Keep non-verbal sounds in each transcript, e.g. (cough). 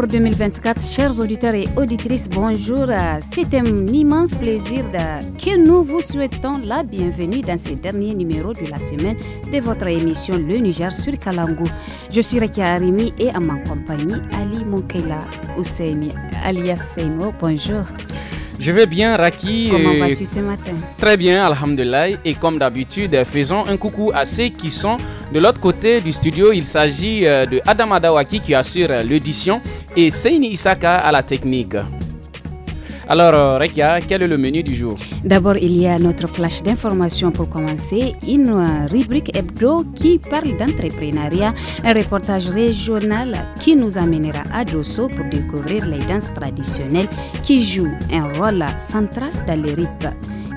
Pour 2024. Chers auditeurs et auditrices, bonjour. C'est un immense plaisir que nous vous souhaitons la bienvenue dans ce dernier numéro de la semaine de votre émission Le Niger sur Kalangu. Je suis Rekia Arimi et à ma compagnie Ali Mokela Ousseini, alias Seino. Bonjour. Je vais bien, Raki. Comment vas-tu ce matin Très bien, Alhamdulillah. Et comme d'habitude, faisons un coucou à ceux qui sont de l'autre côté du studio. Il s'agit euh, de Adam Adawaki qui assure euh, l'édition et Seini Isaka à la technique. Alors, euh, Rekia, quel est le menu du jour D'abord, il y a notre flash d'information pour commencer, une euh, rubrique hebdo qui parle d'entrepreneuriat, un reportage régional qui nous amènera à Dosso pour découvrir les danses traditionnelles qui jouent un rôle central dans les rites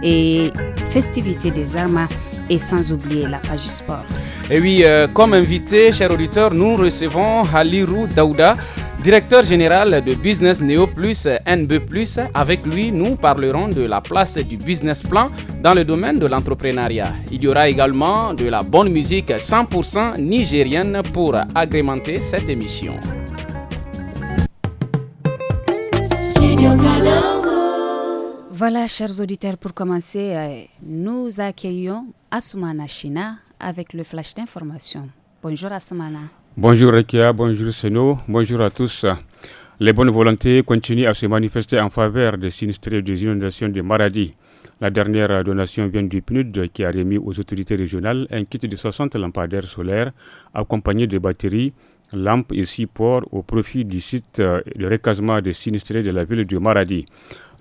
et festivités des armes et sans oublier la page sport. Et oui, euh, comme invité, chers auditeurs, nous recevons Haliru Daouda. Directeur général de Business Neo Plus NB Plus, avec lui, nous parlerons de la place du business plan dans le domaine de l'entrepreneuriat. Il y aura également de la bonne musique 100% nigérienne pour agrémenter cette émission. Voilà, chers auditeurs, pour commencer, euh, nous accueillons Asumana China avec le flash d'information. Bonjour Asumana. Bonjour Rekia, bonjour Seno, bonjour à tous. Les bonnes volontés continuent à se manifester en faveur des sinistrés des inondations de Maradi. La dernière donation vient du PNUD qui a remis aux autorités régionales un kit de 60 lampadaires solaires accompagnés de batteries, lampes et supports au profit du site de recasement des sinistrés de la ville de Maradi.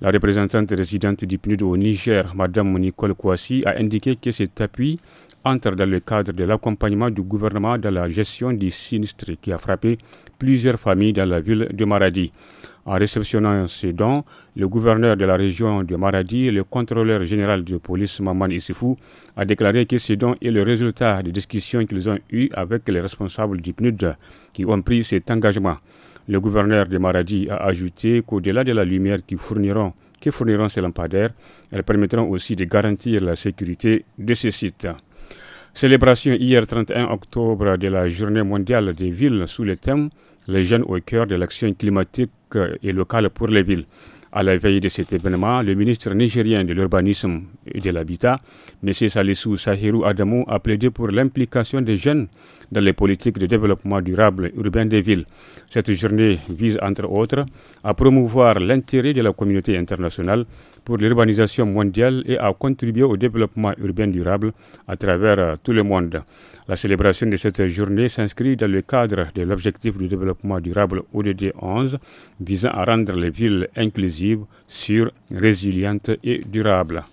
La représentante résidente du PNUD au Niger, Madame Nicole Kouassi, a indiqué que cet appui entre dans le cadre de l'accompagnement du gouvernement dans la gestion des sinistres qui a frappé plusieurs familles dans la ville de Maradi. En réceptionnant ces dons, le gouverneur de la région de Maradi le contrôleur général de police Maman Issifou a déclaré que ces dons est le résultat des discussions qu'ils ont eues avec les responsables du PNUD qui ont pris cet engagement. Le gouverneur de Maradi a ajouté qu'au-delà de la lumière qui fourniront que fourniront ces lampadaires, elles permettront aussi de garantir la sécurité de ces sites. Célébration hier 31 octobre de la journée mondiale des villes sous le thème Les jeunes au cœur de l'action climatique et locale pour les villes. À la veille de cet événement, le ministre nigérien de l'urbanisme et de l'habitat, M. Salissou Sahiru Adamu, a plaidé pour l'implication des jeunes dans les politiques de développement durable urbain des villes. Cette journée vise, entre autres, à promouvoir l'intérêt de la communauté internationale pour l'urbanisation mondiale et à contribuer au développement urbain durable à travers euh, tout le monde. La célébration de cette journée s'inscrit dans le cadre de l'objectif du développement durable ODD 11 visant à rendre les villes inclusives, sûres, résilientes et durables.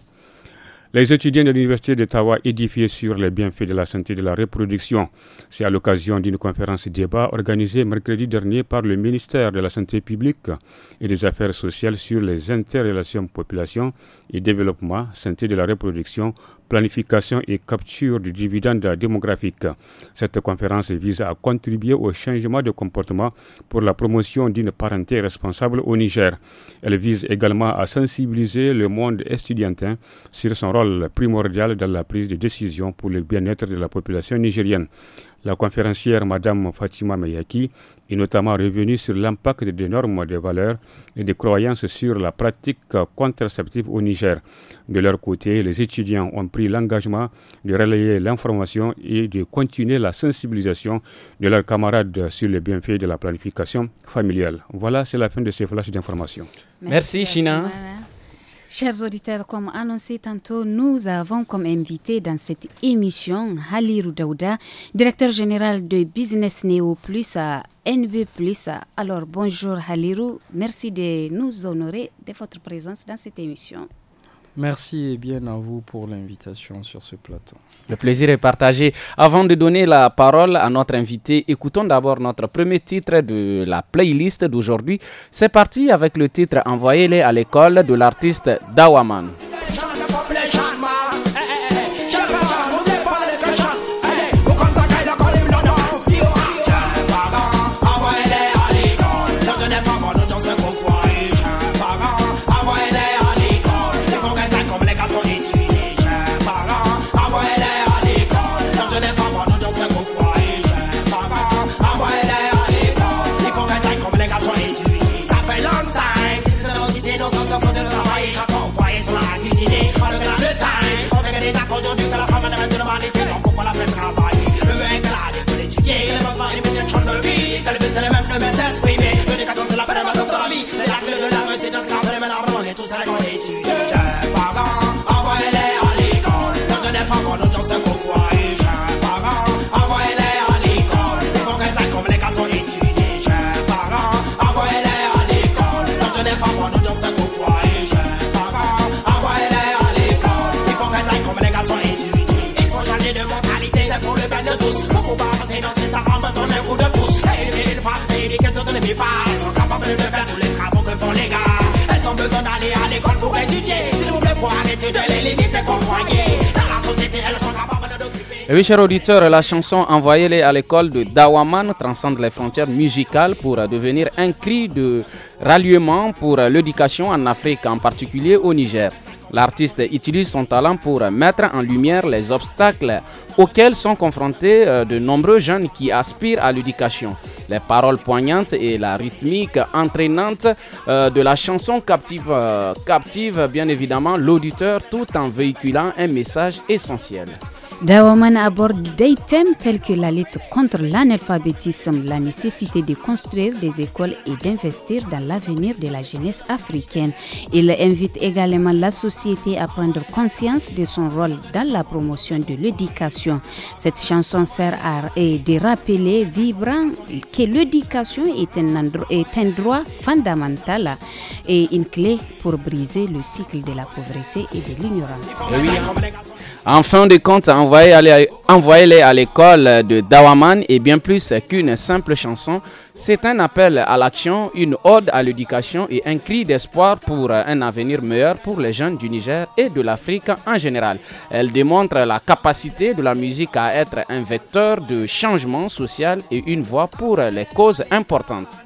Les étudiants de l'Université d'Ottawa édifiés sur les bienfaits de la santé de la reproduction. C'est à l'occasion d'une conférence débat organisée mercredi dernier par le ministère de la Santé publique et des Affaires sociales sur les interrelations population et développement, santé de la reproduction, planification et capture du dividende démographique. Cette conférence vise à contribuer au changement de comportement pour la promotion d'une parenté responsable au Niger. Elle vise également à sensibiliser le monde étudiantin sur son rôle primordial dans la prise de décision pour le bien-être de la population nigérienne. La conférencière Madame Fatima Mayaki est notamment revenue sur l'impact des normes de valeurs et des croyances sur la pratique contraceptive au Niger. De leur côté, les étudiants ont pris l'engagement de relayer l'information et de continuer la sensibilisation de leurs camarades sur les bienfaits de la planification familiale. Voilà, c'est la fin de ces flashs d'information. Merci, China. Chers auditeurs, comme annoncé tantôt, nous avons comme invité dans cette émission Hali Dauda, directeur général de Business Neo Plus à NB Plus. Alors bonjour Halirou, merci de nous honorer de votre présence dans cette émission. Merci et bien à vous pour l'invitation sur ce plateau. Le plaisir est partagé. Avant de donner la parole à notre invité, écoutons d'abord notre premier titre de la playlist d'aujourd'hui. C'est parti avec le titre Envoyez-les à l'école de l'artiste Dawaman. oui, chers auditeurs, la chanson Envoyez-les à l'école de Dawaman transcende les frontières musicales pour devenir un cri de ralliement pour l'éducation en Afrique, en particulier au Niger. L'artiste utilise son talent pour mettre en lumière les obstacles auxquels sont confrontés euh, de nombreux jeunes qui aspirent à l'éducation. Les paroles poignantes et la rythmique entraînante euh, de la chanson captive, euh, captive bien évidemment l'auditeur tout en véhiculant un message essentiel. Dawoman aborde des thèmes tels que la lutte contre l'analphabétisme, la nécessité de construire des écoles et d'investir dans l'avenir de la jeunesse africaine. Il invite également la société à prendre conscience de son rôle dans la promotion de l'éducation. Cette chanson sert à de rappeler vibrant que l'éducation est, est un droit fondamental et une clé pour briser le cycle de la pauvreté et de l'ignorance. Eh en fin de compte, en Envoyez-les à l'école de Dawaman est bien plus qu'une simple chanson. C'est un appel à l'action, une ode à l'éducation et un cri d'espoir pour un avenir meilleur pour les jeunes du Niger et de l'Afrique en général. Elle démontre la capacité de la musique à être un vecteur de changement social et une voix pour les causes importantes.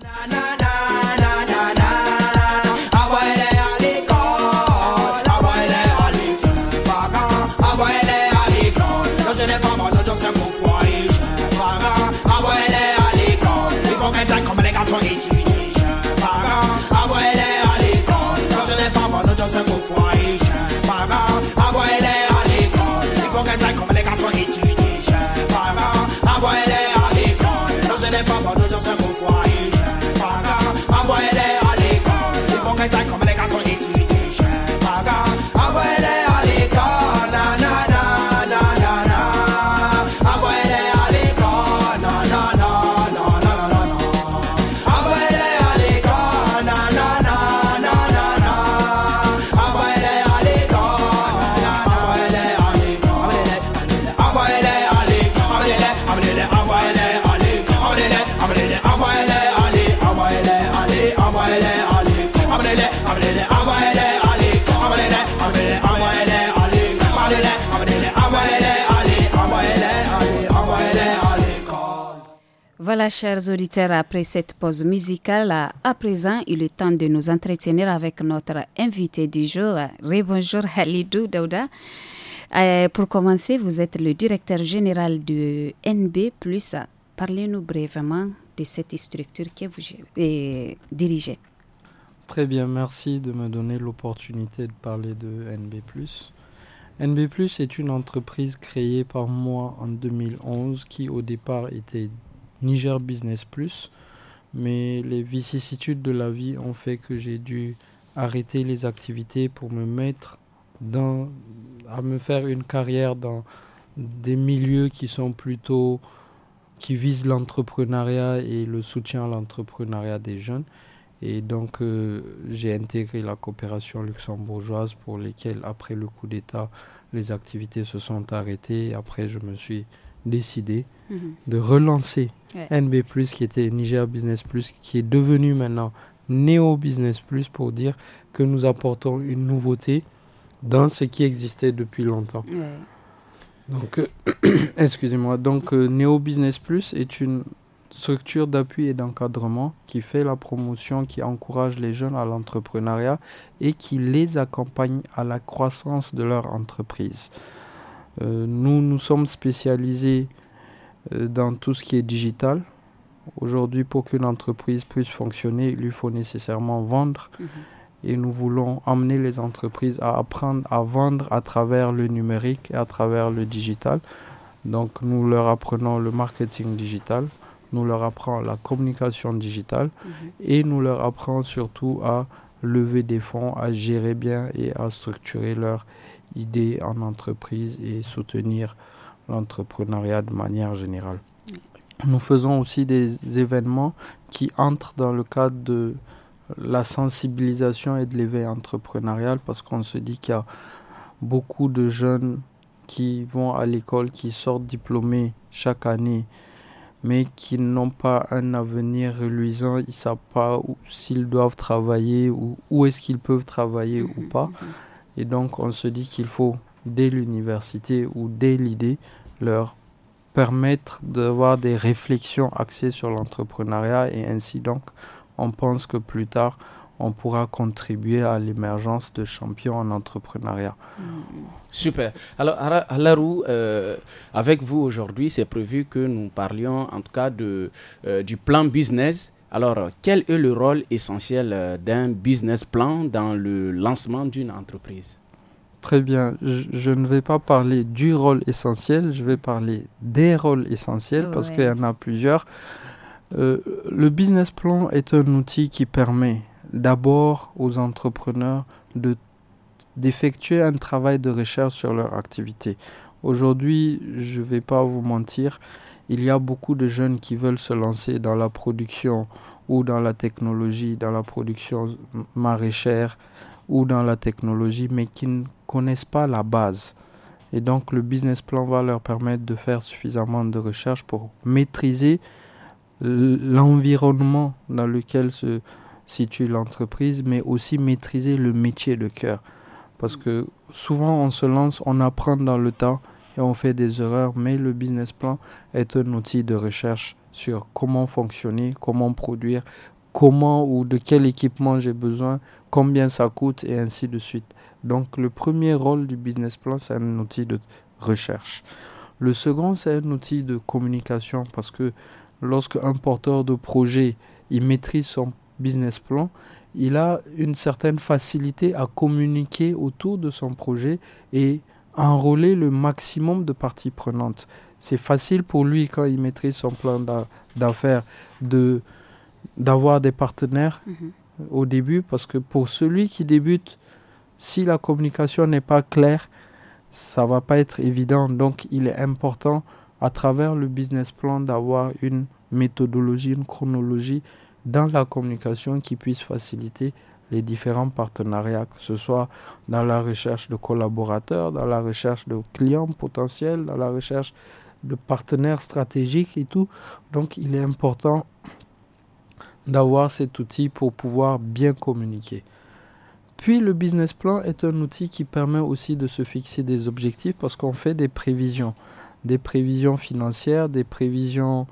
chers auditeurs, après cette pause musicale, à présent, il est temps de nous entretenir avec notre invité du jour. Rebonjour, Halidou Daouda. Euh, pour commencer, vous êtes le directeur général de NB. Parlez-nous brièvement de cette structure que vous euh, dirigez. Très bien, merci de me donner l'opportunité de parler de NB. NB, est une entreprise créée par moi en 2011 qui, au départ, était Niger Business Plus, mais les vicissitudes de la vie ont fait que j'ai dû arrêter les activités pour me mettre dans, à me faire une carrière dans des milieux qui sont plutôt qui visent l'entrepreneuriat et le soutien à l'entrepreneuriat des jeunes. Et donc, euh, j'ai intégré la coopération luxembourgeoise pour lesquelles, après le coup d'État, les activités se sont arrêtées. Après, je me suis décidé mhm. de relancer NB+, qui était Niger Business Plus, qui est devenu maintenant Neo Business Plus pour dire que nous apportons une nouveauté dans ce qui existait depuis longtemps. Donc, euh, (clears throat) excusez-moi. Donc, euh, Neo Business Plus est une structure d'appui et d'encadrement qui fait la promotion, qui encourage les jeunes à l'entrepreneuriat et qui les accompagne à la croissance de leur entreprise. Euh, nous, nous sommes spécialisés euh, dans tout ce qui est digital. Aujourd'hui, pour qu'une entreprise puisse fonctionner, il lui faut nécessairement vendre. Mhm. Et nous voulons amener les entreprises à apprendre à vendre à travers le numérique et à travers le digital. Donc, nous leur apprenons le marketing digital, nous leur apprenons la communication digitale mhm. et nous leur apprenons surtout à lever des fonds, à gérer bien et à structurer leur idées en entreprise et soutenir l'entrepreneuriat de manière générale. Nous faisons aussi des événements qui entrent dans le cadre de la sensibilisation et de l'éveil entrepreneurial parce qu'on se dit qu'il y a beaucoup de jeunes qui vont à l'école, qui sortent diplômés chaque année, mais qui n'ont pas un avenir reluisant, ils ne savent pas s'ils doivent travailler ou où est-ce qu'ils peuvent travailler ou pas. Mm-hmm. Et donc on se dit qu'il faut, dès l'université ou dès l'idée, leur permettre d'avoir des réflexions axées sur l'entrepreneuriat et ainsi donc on pense que plus tard on pourra contribuer à l'émergence de champions en entrepreneuriat. Mm. Super. Alors, Alarou, euh, avec vous aujourd'hui, c'est prévu que nous parlions en tout cas de, euh, du plan business alors, quel est le rôle essentiel euh, d'un business plan dans le lancement d'une entreprise Très bien. Je, ne vais pas parler du rôle essentiel, je vais parler des rôles essentiels parce qu'il y en a plusieurs. Euh, le business plan est un outil qui permet d'abord aux entrepreneurs de d'effectuer un travail de recherche sur leur activité. Aujourd'hui, je ne vais pas vous mentir, il y a beaucoup de jeunes qui veulent se lancer dans la production ou dans la technologie, dans la production maraîchère ou dans la technologie, mais qui ne connaissent pas la base. Et donc le business plan va leur permettre de faire suffisamment de recherches pour maîtriser l'environnement dans lequel se situe l'entreprise, mais aussi maîtriser le métier de cœur. Parce que souvent on se lance, on apprend dans le temps, et on fait des erreurs, mais le business plan est un outil de recherche sur comment fonctionner, comment produire, comment ou de quel équipement j'ai besoin, combien ça coûte et ainsi de suite. Donc le premier rôle du business plan, c'est un outil de recherche. Le second, c'est un outil de communication parce que lorsque un porteur de projet, il maîtrise son business plan, il a une certaine facilité à communiquer autour de son projet et enrôler le maximum de parties prenantes. C'est facile pour lui quand il maîtrise son plan d'affaires d'avoir des partenaires mhm. au début parce que pour celui qui débute, si la communication n'est pas claire, ça ne va pas être évident. Donc il est important à travers le business plan d'avoir une méthodologie, une chronologie dans la communication qui puisse faciliter différents partenariats, que ce soit dans la recherche de collaborateurs, dans la recherche de clients potentiels, dans la recherche de partenaires stratégiques et tout. Donc il est important d'avoir cet outil pour pouvoir bien communiquer. Puis le business plan est un outil qui permet aussi de se fixer des objectifs parce qu'on fait des prévisions, des prévisions financières, des prévisions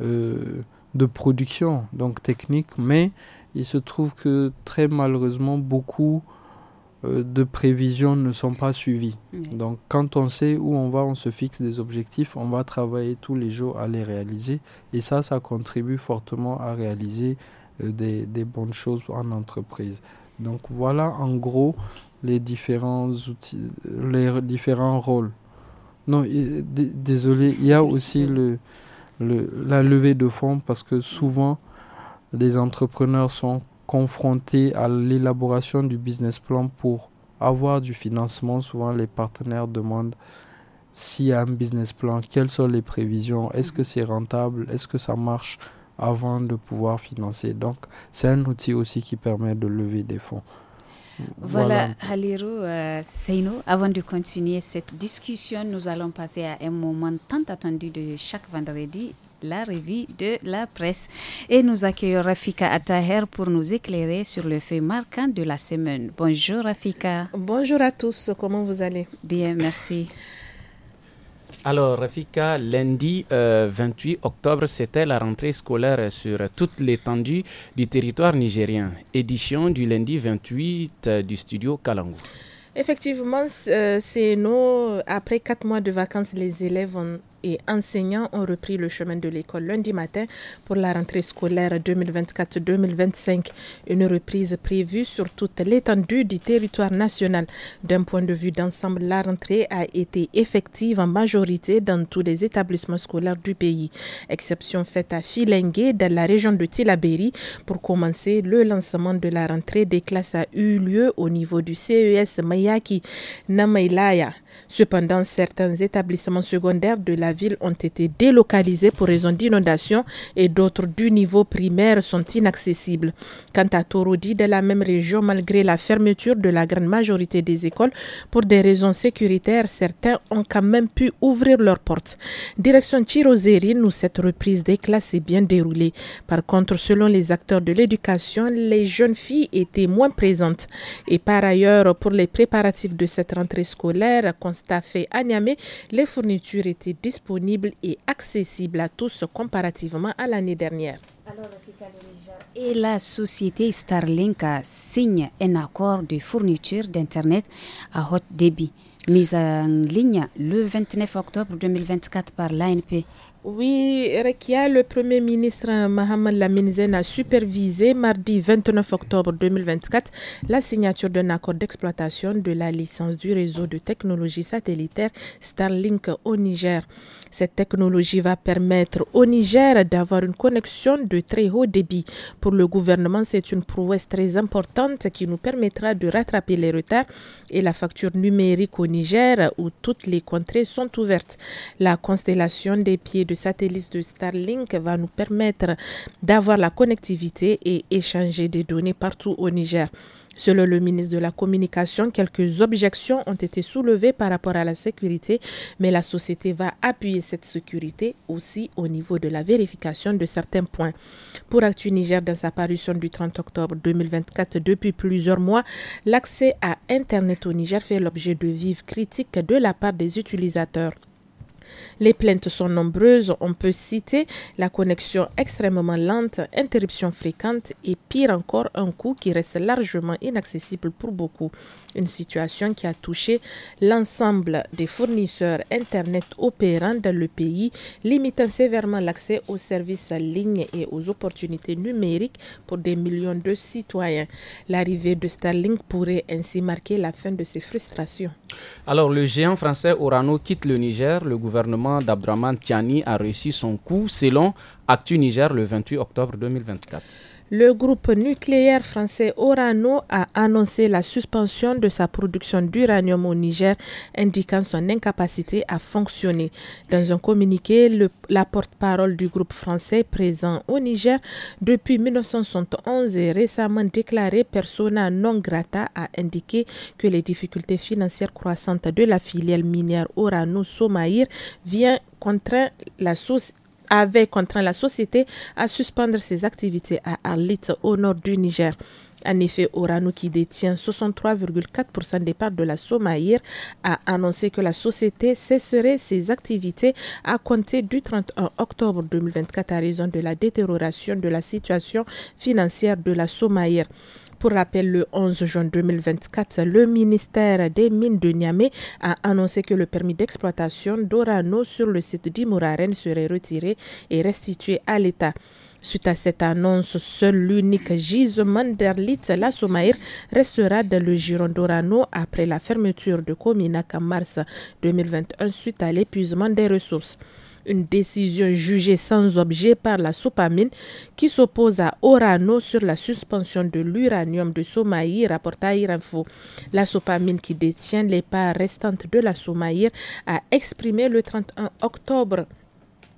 euh, de production, donc techniques, mais il se trouve que très malheureusement, beaucoup euh, de prévisions ne sont pas suivies. Donc quand on sait où on va, on se fixe des objectifs, on va travailler tous les jours à les réaliser. Et ça, ça contribue fortement à réaliser euh, des, bonnes choses en entreprise. Donc voilà en gros les différents outils, les différents rôles. Non, désolé, il y a aussi le, le, la levée de fonds parce que souvent des entrepreneurs sont confrontés à l'élaboration du business plan pour avoir du financement. Souvent, les partenaires demandent s'il y a un business plan, quelles sont les prévisions, est-ce que c'est rentable, est-ce que ça marche avant de pouvoir financer. Donc, c'est un outil aussi qui permet de lever des fonds. Voilà, Haliru euh, avant de continuer cette discussion, nous allons passer à un moment tant attendu de chaque vendredi la revue de la presse. Et nous accueillons Rafika Ataher pour nous éclairer sur le fait marquant de la semaine. Bonjour Rafika. Bonjour à tous, comment vous allez Bien, merci. Alors, Rafika, lundi 28 euh, octobre, c'était la rentrée scolaire sur toute l'étendue du territoire nigérien. Édition du lundi 28 euh, du studio Kalango. Effectivement, euh, c'est nous. Après quatre mois de vacances, les élèves ont et enseignants ont repris le chemin de l'école lundi matin pour la rentrée scolaire 2024-2025, une reprise prévue sur toute l'étendue du territoire national. D'un point de vue d'ensemble, la rentrée a été effective en majorité dans tous les établissements scolaires du pays, exception faite à Filengue dans la région de Tilaberi. Pour commencer, le lancement de la rentrée des classes a eu lieu au niveau du CES Mayaki Namailaya. Cependant, certains établissements secondaires de la villes ville ont été délocalisées pour raison d'inondation et d'autres du niveau primaire sont inaccessibles. Quant à Torodi, de la même région, malgré la fermeture de la grande majorité des écoles pour des raisons sécuritaires, certains ont quand même pu ouvrir leurs portes. Direction Tirozérine où cette reprise des classes s'est bien déroulée. Par contre, selon les acteurs de l'éducation, les jeunes filles étaient moins présentes. Et par ailleurs, pour les préparatifs de cette rentrée scolaire, constat fait à Niamey, les fournitures étaient disponibles disponible et accessible à tous comparativement à l'année dernière. et la société Starlink signe un accord de fourniture d'Internet à haut débit, mis en ligne le 29 octobre 2024 par l'ANP. Oui, Rekia, le Premier ministre euh, Mohamed Laminzen a supervisé mardi 29 octobre 2024 la signature d'un accord d'exploitation de la licence du réseau de technologie satellitaire Starlink au Niger. Cette technologie va permettre au Niger d'avoir une connexion de très haut débit. Pour le gouvernement, c'est une prouesse très importante qui nous permettra de rattraper les retards et la facture numérique au Niger où toutes les contrées sont ouvertes. La constellation des pieds de satellites de Starlink va nous permettre d'avoir la connectivité et échanger des données partout au Niger. Selon le ministre de la Communication, quelques objections ont été soulevées par rapport à la sécurité, mais la société va appuyer cette sécurité aussi au niveau de la vérification de certains points. Pour Actu Niger, dans sa parution du 30 octobre 2024, depuis plusieurs mois, l'accès à Internet au Niger fait l'objet de vives critiques de la part des utilisateurs. Les plaintes sont nombreuses, on peut citer la connexion extrêmement lente, interruptions fréquentes et pire encore un coût qui reste largement inaccessible pour beaucoup une situation qui a touché l'ensemble des fournisseurs Internet opérant dans le pays, limitant sévèrement l'accès aux services en ligne et aux opportunités numériques pour des millions de citoyens. L'arrivée de Starlink pourrait ainsi marquer la fin de ces frustrations. Alors, le géant français Orano quitte le Niger. Le gouvernement d'Abdraman Tiani a réussi son coup selon Actu Niger le 28 octobre 2024. Le groupe nucléaire français Orano a annoncé la suspension de sa production d'uranium au Niger, indiquant son incapacité à fonctionner. Dans un communiqué, la porte-parole du groupe français présent au Niger depuis 1971 et récemment déclaré persona non grata a indiqué que les difficultés financières croissantes de la filiale minière Orano Somaïr vient contraint la source avait contraint la société à suspendre ses activités à Arlit au nord du Niger. En effet, Orano, qui détient 63,4% des parts de la Somaïr, a annoncé que la société cesserait ses activités à compter du 31 octobre 2024 à raison de la détérioration de la situation financière de la Somaïr. Pour rappel, le 11 juin 2024, le ministère des Mines de Niamey a annoncé que le permis d'exploitation d'Orano sur le site d'Imouraren serait retiré et restitué à l'État. Suite à cette annonce, seul l'unique gisement d'Erlite, la Somaïr, restera dans le giron d'Orano après la fermeture de Cominac en mars 2021 suite à l'épuisement des ressources une décision jugée sans objet par la Sopamine qui s'oppose à Orano sur la suspension de l'uranium de Somaïr, rapporte Info. La Sopamine qui détient les parts restantes de la Somaïr a exprimé le 31 octobre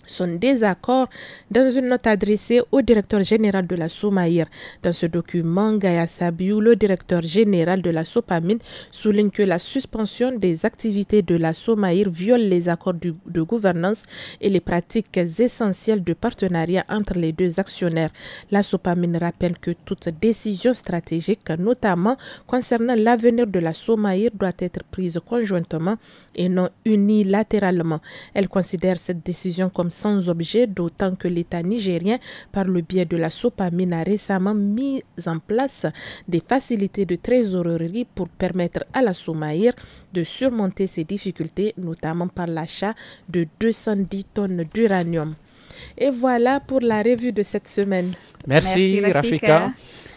son désaccord dans une note adressée au directeur général de la Somaïr. Dans ce document, Gaïa Sabiou, le directeur général de la Sopamine, souligne que la suspension des activités de la Somaïr viole les accords de gouvernance et les pratiques essentielles de partenariat entre les deux actionnaires. La Sopamine rappelle que toute décision stratégique, notamment concernant l'avenir de la Somaïr, doit être prise conjointement et non unilatéralement. Elle considère cette décision comme sans objet, d'autant que l'État nigérien, par le biais de la SOPAMINE, a récemment mis en place des facilités de trésorerie pour permettre à la Somaïr de surmonter ses difficultés, notamment par l'achat de 210 tonnes d'uranium. Et voilà pour la revue de cette semaine. Merci, Rafika.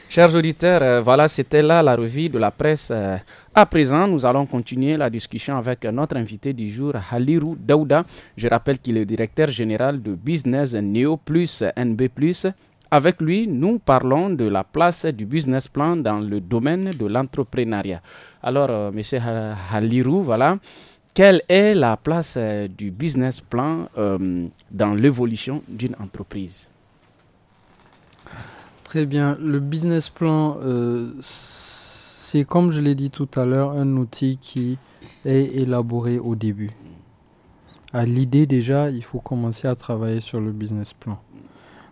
Chers auditeurs, euh, voilà, c'était là la revue de la presse. Euh, à présent, nous allons continuer la discussion avec notre invité du jour, Halirou Daouda. Je rappelle qu'il est directeur général de Business Neo Plus NB. Avec lui, nous parlons de la place du business plan dans le domaine de l'entrepreneuriat. Alors, M. Euh, monsieur Halirou, voilà, quelle est la place du business plan dans l'évolution d'une entreprise? Très bien. Le business plan, euh, c'est comme je l'ai dit tout à l'heure, un outil qui est élaboré au début. À l'idée déjà, il faut commencer à travailler sur le business plan.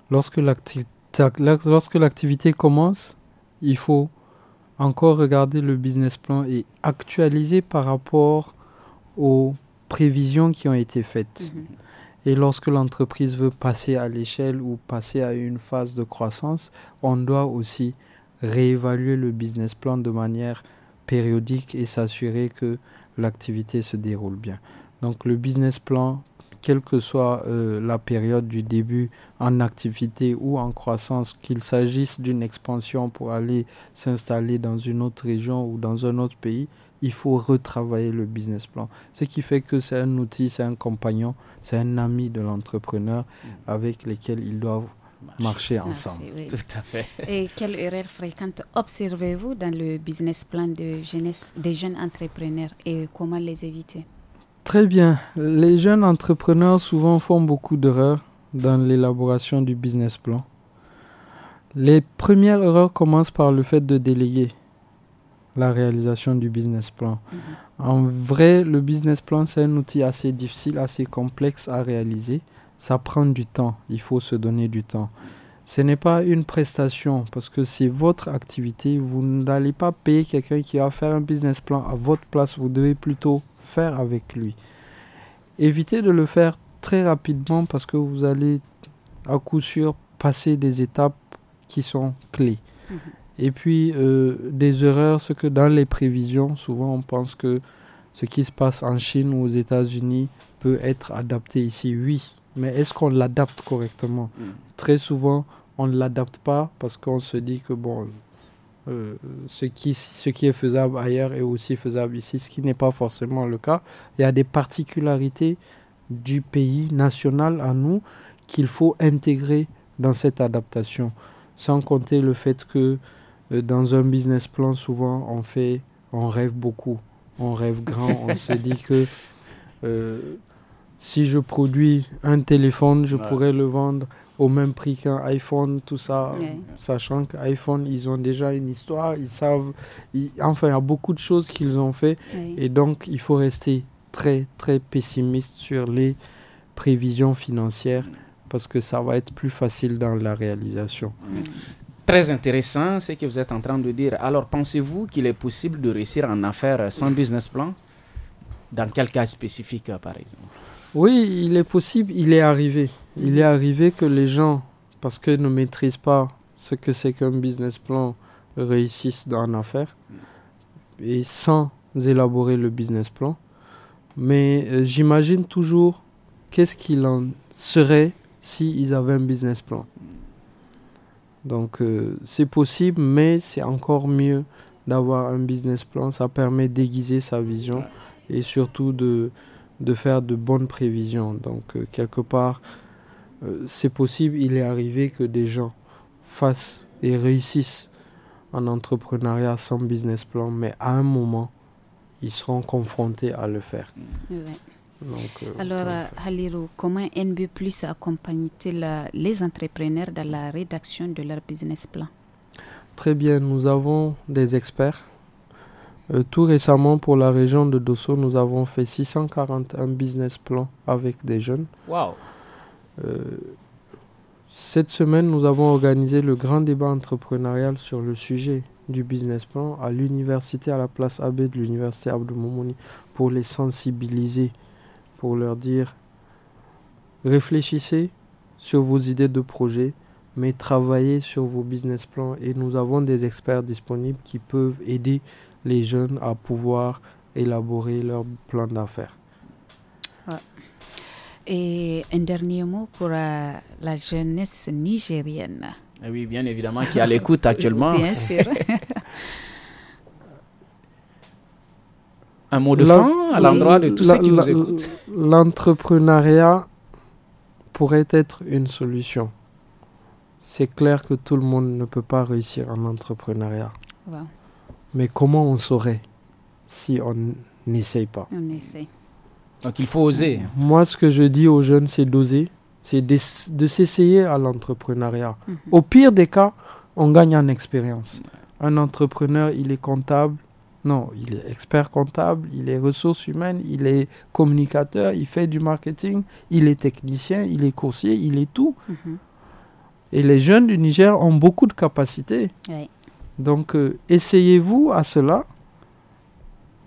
Lorsque l'activité commence, il faut encore regarder le business plan et actualiser par rapport aux prévisions qui ont été faites. Mm-hmm. Et lorsque l'entreprise veut passer à l'échelle ou passer à une phase de croissance, on doit aussi réévaluer le business plan de manière périodique et s'assurer que l'activité se déroule bien. Donc le business plan, quelle que soit euh, la période du début en activité ou en croissance, qu'il s'agisse d'une expansion pour aller s'installer dans une autre région ou dans un autre pays, il faut retravailler le business plan. Ce qui fait que c'est un outil, c'est un compagnon, c'est un ami de l'entrepreneur mm. avec lequel ils doivent marcher, ensemble. Tout à fait. Et quelles erreurs fréquentes observez-vous dans le business plan des jeunes entrepreneurs et comment les éviter Très bien. Les jeunes entrepreneurs souvent font beaucoup d'erreurs dans l'élaboration du business plan. Les premières erreurs commencent par le fait de déléguer la réalisation du business plan. Mhm. En vrai, le business plan, c'est un outil assez difficile, assez complexe à réaliser. Ça prend du temps, il faut se donner du temps. Ce n'est pas une prestation, parce que c'est votre activité. Vous n'allez pas payer quelqu'un qui va faire un business plan à votre place, vous devez plutôt faire avec lui. Évitez de le faire très rapidement parce que vous allez à coup sûr passer des étapes qui sont clés. Mhm. Et puis, euh, des erreurs, ce que dans les prévisions, souvent on pense que ce qui se passe en Chine ou aux États-Unis peut être adapté ici, oui. Mais est-ce qu'on l'adapte correctement mm. Très souvent, on ne l'adapte pas parce qu'on se dit que, bon, euh, ce, qui, ce qui est faisable ailleurs est aussi faisable ici, ce qui n'est pas forcément le cas. Il y a des particularités du pays national à nous qu'il faut intégrer dans cette adaptation, sans compter le fait que euh, dans un business plan, souvent, on fait, on rêve beaucoup, on rêve grand, on se (laughs) dit que euh, si je produis un téléphone, je pourrais le vendre au même prix qu'un iPhone, tout ça, sachant qu'iPhone, ils ont déjà une histoire, ils savent, enfin, il y a beaucoup de choses qu'ils ont fait, et donc il faut rester très, très pessimiste sur les prévisions financières mm. parce que ça va être plus facile dans la réalisation. Mm très intéressant ce que vous êtes en train de dire. Alors, pensez-vous qu'il est possible de réussir en affaires sans business plan Dans quel cas spécifique, par exemple Oui, il est possible, il est arrivé. Il est arrivé que les gens, parce qu'ils ne maîtrisent pas ce que c'est qu'un business plan, réussissent dans l'affaire et sans élaborer le business plan. Mais euh, j'imagine toujours qu'est-ce qu'il en serait s'ils avaient un business plan. Donc euh, c'est possible, mais c'est encore mieux d'avoir un business plan. Ça permet d'aiguiser sa vision et surtout de, faire de bonnes prévisions. Donc euh, quelque part, euh, c'est possible, il est arrivé que des gens fassent et réussissent en entrepreneuriat sans business plan, mais à un moment, ils seront confrontés à le faire. Euh, Alors, Haliru, comment NB euh, Plus accompagne-t-il les entrepreneurs dans la rédaction de leur business plan Très bien, nous avons des experts. Euh, tout récemment, pour la région de Dosso, nous avons fait 641 business plans avec des jeunes. Wow. cette semaine, nous avons organisé le grand débat entrepreneurial sur le sujet du business plan à l'université, à la place AB de l'université Abdou pour les sensibiliser pour leur dire réfléchissez sur vos idées de projet, mais travaillez sur vos business plans et nous avons des experts disponibles qui peuvent aider les jeunes à pouvoir élaborer leur plan d'affaires. Et un dernier mot pour euh, la jeunesse nigérienne. Eh oui, bien évidemment, qui à l'écoute actuellement. (laughs) Bien sûr. (laughs) Un mot de fin à l'endroit de tous ceux qui nous écoutent. L'entrepreneuriat pourrait être une solution. C'est clair que tout le monde ne peut pas réussir en entrepreneuriat. Mais comment on saurait si on n'essaye pas On essaie. Donc il faut oser. Moi, ce que je dis aux jeunes, c'est d'oser, c'est de, s'essayer à l'entrepreneuriat. Mm-hmm. Au pire des cas, on gagne en expérience. Un entrepreneur, il est comptable, non, il est expert comptable, il est ressources humaines, il est communicateur, il fait du marketing, il est technicien, il est coursier, il est tout. Mhm. Et les jeunes du Niger ont beaucoup de capacités. Donc, euh, essayez-vous à cela.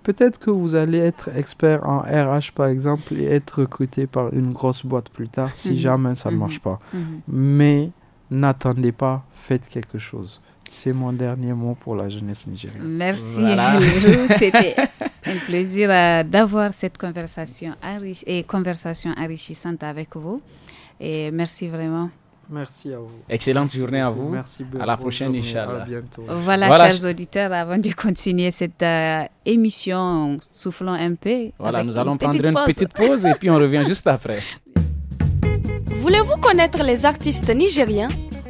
Peut-être que vous allez être expert en RH, par exemple, et être recruté par une grosse boîte plus tard, si mhm. jamais ça ne mhm. marche pas. Mais n'attendez pas, faites quelque chose. C'est mon dernier mot pour la jeunesse nigérienne. Merci, (laughs) C'était un plaisir euh, d'avoir cette conversation et conversation enrichissante avec vous. Et merci vraiment. Merci à vous. Excellente journée à vous. Merci beaucoup. À la prochaine, Inch'Allah. Voilà, voilà, chers auditeurs, avant de continuer cette euh, émission, soufflant un peu. Voilà, nous allons prendre une petite pause et puis on revient juste après. (laughs) Voulez-vous connaître les artistes nigériens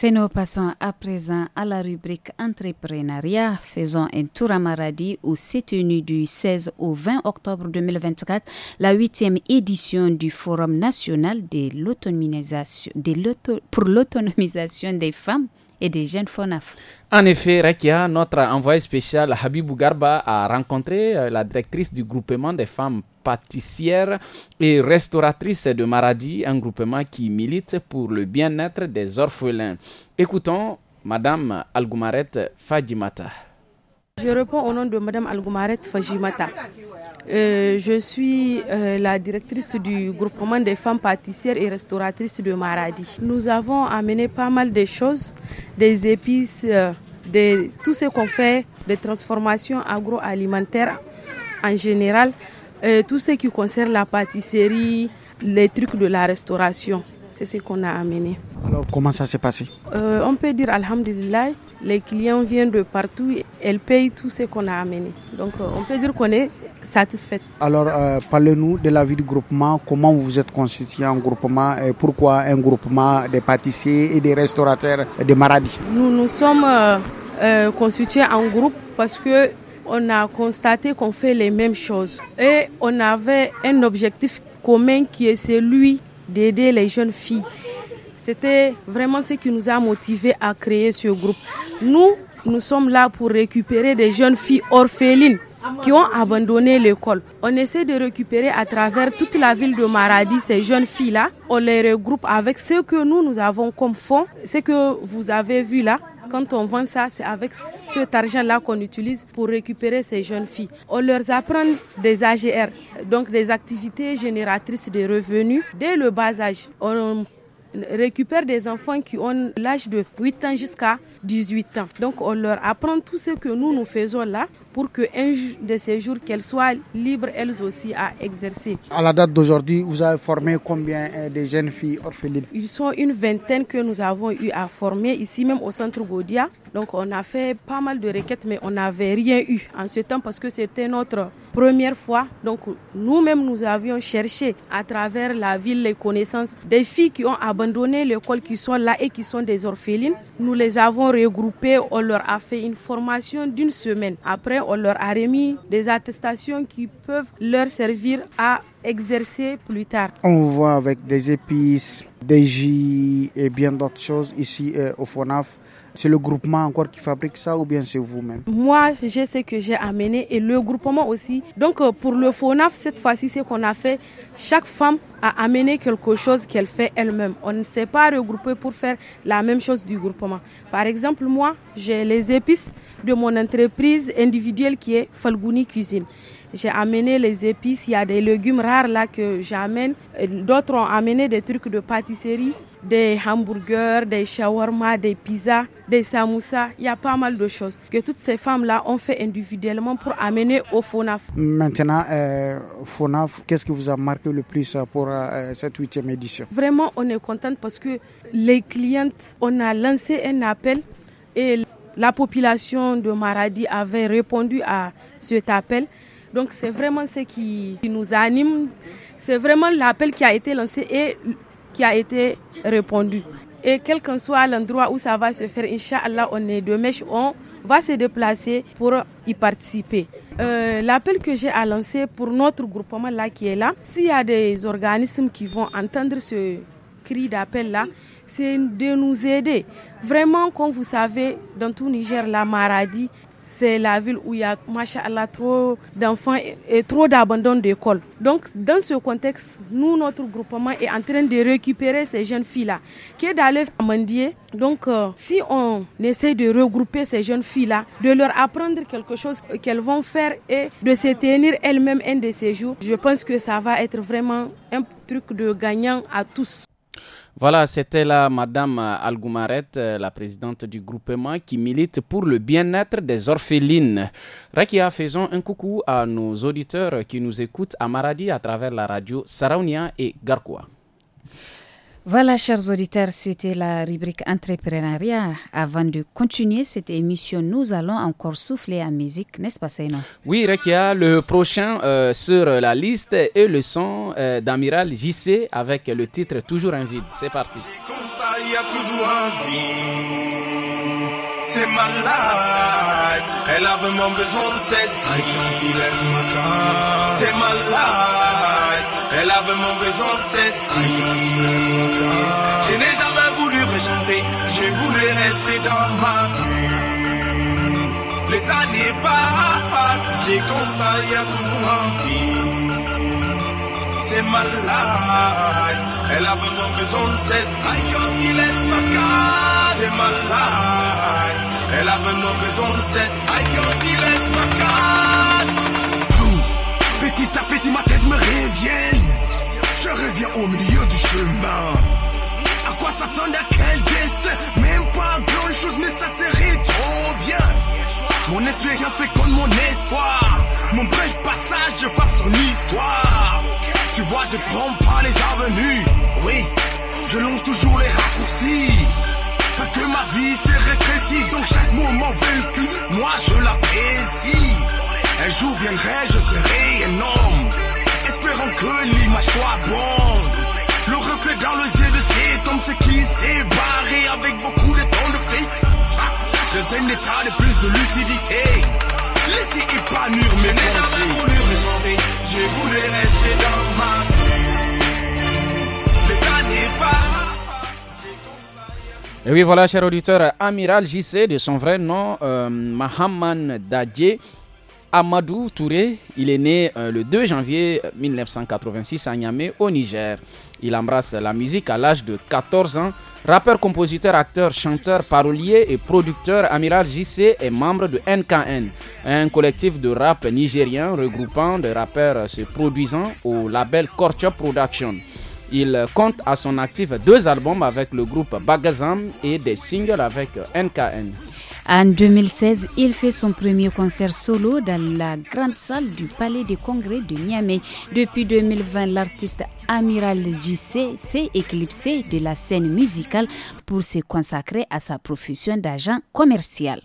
C'est nous passons à présent à la rubrique entrepreneuriat. Faisons un tour à Maradi où s'est tenue du 16 au 20 octobre 2024 la huitième édition du Forum national de l'autonomisation, pour l'autonomisation des femmes et des jeunes FONAF. En effet, Rekia, notre envoyé spécial Habibou Garba a rencontré euh, la directrice du groupement des femmes pâtissières et restauratrices de Maradi, un groupement qui milite pour le bien-être des orphelins. Écoutons Madame Algumaret Fajimata. Je réponds au nom de Madame Algumaret Fajimata. Euh, je suis euh, la directrice du groupement des femmes pâtissières et restauratrices de Maradi. Nous avons amené pas mal de choses, des épices, euh, de tout ce qu'on fait, des transformations agroalimentaires en général, tout ce qui concerne la pâtisserie, les trucs de la restauration. C'est ce qu'on a amené. Alors, comment ça s'est passé euh, On peut dire, alhamdulillah, les clients viennent de partout, elles payent tout ce qu'on a amené. Donc, euh, on peut dire qu'on est satisfait. Alors, euh, parlez-nous de la vie du groupement. Comment vous êtes constitué en groupement et pourquoi un groupement des pâtissiers et des restaurateurs de Maradi Nous nous sommes constitués en groupe parce que on a constaté qu'on fait les mêmes choses. Et on avait un objectif commun qui est celui d'aider les jeunes filles. C'était vraiment ce qui nous a motivés à créer ce groupe. Nous, nous sommes là pour récupérer des jeunes filles orphelines qui ont abandonné l'école. On essaie de récupérer à travers toute la ville de Maradi ces jeunes filles-là. On les regroupe avec ce que nous, nous avons comme fonds, ce que vous avez vu là. Quand on vend ça, c'est avec cet argent-là qu'on utilise pour récupérer ces jeunes filles. On leur apprend des AGR, donc des activités génératrices de revenus dès le bas âge. On récupère des enfants qui ont l'âge de 8 ans jusqu'à 18 ans. Donc on leur apprend tout ce que nous, nous faisons là pour qu'un de ces jours, qu'elles soient libres elles aussi à exercer. À la date d'aujourd'hui, vous avez formé combien euh, de jeunes filles orphelines Ils sont une vingtaine que nous avons eu à former ici même au centre Gaudia. Donc on a fait pas mal de requêtes, mais on n'avait rien eu en ce temps parce que c'était notre première fois. Donc nous-mêmes, nous avions cherché à travers la ville les connaissances des filles qui ont abandonné l'école, qui sont là et qui sont des orphelines. Nous les avons regroupées, on leur a fait une formation d'une semaine. Après, on leur a remis des attestations qui peuvent leur servir à exercer plus tard. On voit avec des épices, des jus et bien d'autres choses ici euh, au FONAF c'est le groupement encore qui fabrique ça ou bien c'est vous-même Moi, j'ai ce que j'ai amené et le groupement aussi. Donc euh, pour le FONAF, cette fois-ci, c'est qu'on a fait, chaque femme a amené quelque chose qu'elle fait elle-même. On ne s'est pas regroupé pour faire la même chose du groupement. Par exemple, moi, j'ai les épices de mon entreprise individuelle qui est Falguni Cuisine. J'ai amené les épices, il y a des légumes rares là que j'amène. D'autres ont amené des trucs de pâtisserie, des hamburgers, des shawarma, des pizzas, des samoussas. Il y a pas mal de choses que toutes ces femmes-là ont fait individuellement pour amener au FONAF. Maintenant, FONAF, euh, qu'est-ce qui vous a marqué le plus euh, pour euh, cette huitième édition Vraiment, on est contente parce que les clientes, on a lancé un appel et la population de Maradi avait répondu à cet appel. Donc c'est vraiment ce qui, nous anime. C'est vraiment l'appel qui a été lancé et qui a été répondu. Et quel que soit l'endroit où ça va se faire, Inch'Allah, on est de mèche, on va se déplacer pour y participer. Euh, l'appel que j'ai à lancer pour notre groupement là qui est là, s'il y a des organismes qui vont entendre ce cri d'appel là, c'est de nous aider. Vraiment, comme vous savez, dans tout Niger, la maladie, c'est la ville où il y a, machallah, trop d'enfants et trop d'abandon d'école. Donc, dans ce contexte, nous, notre groupement est en train de récupérer ces jeunes filles-là, qui est d'aller mendier. Donc, euh, si on essaie de regrouper ces jeunes filles-là, de leur apprendre quelque chose qu'elles vont faire et de se tenir elles-mêmes un de ces jours, je pense que ça va être vraiment un truc de gagnant à tous. Voilà, c'était là Madame Algoumaret, euh, la présidente du groupement qui milite pour le bien-être des orphelines. Rakia, faisons un coucou à nos auditeurs qui nous écoutent à Maradi à travers la radio Saraunia et Garkoua. Voilà, chers auditeurs, c'était la rubrique entrepreneuriat. Avant de continuer cette émission, nous allons encore souffler à musique, n'est-ce pas, Seino Oui, Rekia, le prochain euh, sur la liste est le son euh, d'Amiral JC avec le titre Toujours un vide. C'est parti. Il y a toujours C'est ma life. Elle a vraiment besoin de cette C'est ma elle avait mon besoin de celle-ci. Je n'ai jamais voulu rechanter, j'ai voulu rester dans ma vie. Les années passent, j'ai constaté à y toujours C'est ma life, elle avait mon besoin de celle-ci. Quand il laisse ma carte, c'est ma life, elle avait mon besoin de celle-ci. Quand il laisse ma carte, petit à petit ma tête au milieu du chemin. À quoi s'attendre, à quel geste Même pas grand chose, mais ça serait trop bien. Mon expérience fait comme mon espoir. Mon bref passage, je frappe son histoire. Tu vois, je prends pas les avenues. Oui, je longe toujours les raccourcis. Parce que ma vie c'est rétrécie, donc chaque moment vécu, moi je l'apprécie. Un jour viendrai, je serai énorme. Que l'image soit blonde, Le reflet dans le de cet homme ce qui s'est barré avec beaucoup de temps de fake. Dans un état de plus de lucidité. Laissez épanouir mes pensées. Je voulais rester dans ma vie. ça n'est pas. Et oui, voilà, cher auditeur, Amiral JC, de son vrai nom, euh, Mahaman Dadje, Amadou Touré, il est né euh, le 2 janvier 1986 euh, à Niamey, au Niger. Il embrasse la musique à l'âge de 14 ans. Rappeur, compositeur, acteur, chanteur, parolier et producteur, Amiral JC est membre de NKN, un collectif de rap nigérien regroupant des rappeurs se produisant au label Corture Production. Il compte à son actif deux albums avec le groupe Bagazam et des singles avec NKN. En 2016, il fait son premier concert solo dans la grande salle du Palais des Congrès de Niamey. Depuis 2020, l'artiste Amiral JC s'est éclipsé de la scène musicale pour se consacrer à sa profession d'agent commercial.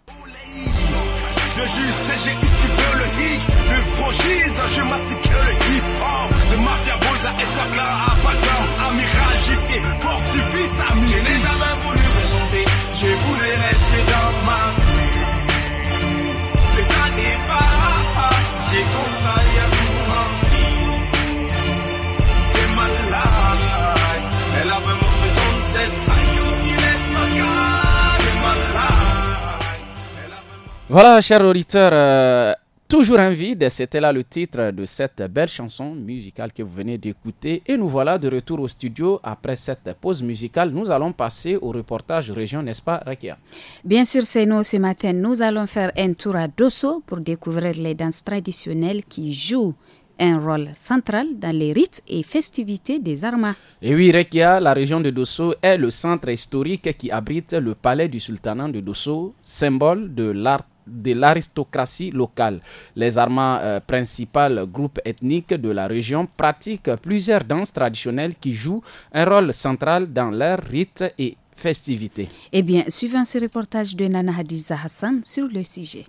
Voilà, chers auditeurs, euh, toujours un vide, c'était là le titre de cette belle chanson musicale que vous venez d'écouter. Et nous voilà de retour au studio. Après cette pause musicale, nous allons passer au reportage région, n'est-ce pas, Rekia? Bien sûr, c'est nous ce matin. Nous allons faire un tour à Dosso pour découvrir les danses traditionnelles qui jouent un rôle central dans les rites et festivités des Armas. Et oui, Rekia, la région de Dosso est le centre historique qui abrite le palais du sultanat de Dosso, symbole de l'art de l'aristocratie locale. Les armes euh, principales, groupes ethniques de la région, pratiquent plusieurs danses traditionnelles qui jouent un rôle central dans leurs rites et festivités. Eh bien, suivant ce reportage de Nana Hadiza Hassan sur le sujet.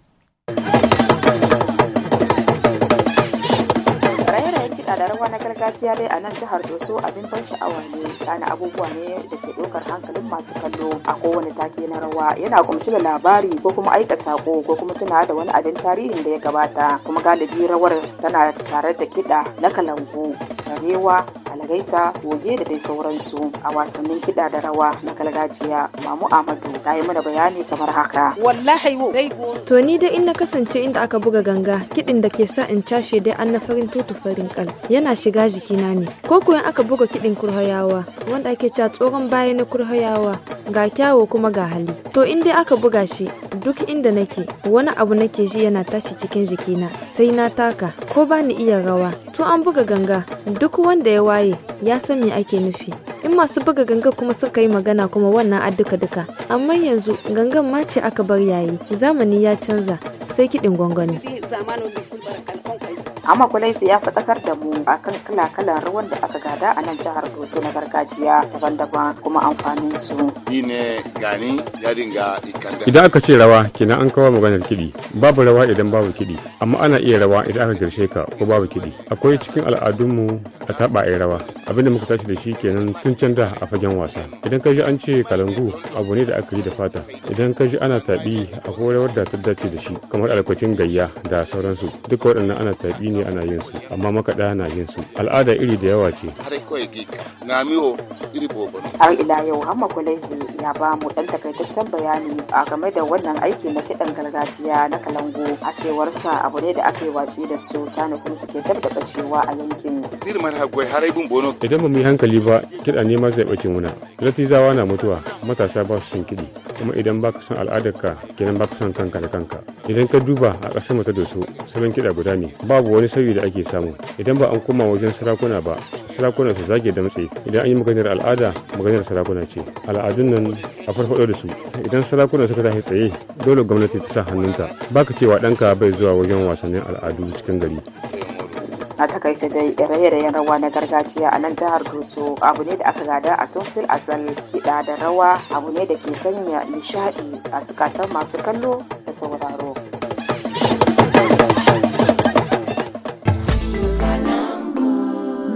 da rawa na gargajiya dai a nan jihar Doso abin ban sha'awa ne kana abubuwa ne da ke ɗaukar hankalin masu kallo a kowane take na rawa yana kumshi da labari ko kuma aika sako ko kuma tuna da wani abin tarihin da ya gabata kuma galibi rawar tana tare da kiɗa na kalangu sarewa algaita goge da dai sauransu a wasannin kiɗa da rawa na gargajiya mamu amadu ta yi mana bayani kamar haka wallahi wo to ni dai in na kasance inda aka buga ganga kiɗin da ke sa in cashe dai an na farin tutu farin kal yana shiga jikina ne ko kuwa aka buga kiɗin kurhayawa wanda ake cewa tsoron baya na kurhayawa ga kyawo kuma ga hali to in dai aka buga shi duk inda nake wani abu nake ji yana tashi cikin jikina sai na taka ko ba ni iya rawa to an buga ganga duk wanda ya waye ya san me ake nufi in masu buga ganga kuma suka yi magana kuma wannan a duka duka amma yanzu gangan ma ce aka bar yayi zamani ya canza sai kiɗin gwangwani. Amma Kulaisu ya faɗakar da mu a kan kala-kalan ruwan da aka gada a nan jihar Doso na gargajiya daban-daban kuma amfanin su. Idan aka ce rawa kenan an kawo maganar kiɗi babu rawa idan babu kiɗi amma ana iya rawa idan aka girshe ka ko babu kiɗi. Akwai cikin al'adunmu a taɓa a rawa abinda muka tashi da shi kenan tun canza a fagen wasa. Idan ka ji an ce kalangu abu ne da aka yi da fata idan ka ji ana taɓi ko rawar da ta dace da shi kamar maɗarkwacin gayya da sauransu duk waɗannan ana taɓi ne ana yin su amma makaɗa na yin su al'ada iri da yawa ce. har ila yau hamma kwaleji ya ba mu dan takaitaccen bayani a game da wannan aiki na kiɗan gargajiya na kalango a cewar sa abu ne da aka yi watsi da su tana kuma suke tabbata cewa a yankin idan ba mu yi hankali ba kiɗa ne ma zai ɓace muna latizawa na mutuwa matasa ba su son kiɗi kuma idan ba ka son al'adarka kenan ba ka son kanka da kanka idan ka duba a ƙasar mata da su salon kiɗa guda ne babu wani sauyi da ake samu idan ba an koma wajen sarakuna ba sarakuna su zage damtse idan an yi maganar al'ada maganar sarakuna ce al'adun nan a farfaɗo da su idan sarakuna suka tashi tsaye dole gwamnati ta sa hannunta baka cewa dan ka bai zuwa wajen wasannin al'adu cikin gari a takaice dai raye-rayen rawa na gargajiya a nan jihar dutso abu ne da aka gada a tun fil asal kiɗa da rawa abu ne da ke sanya nishaɗi a zukatan masu kallo da sauraro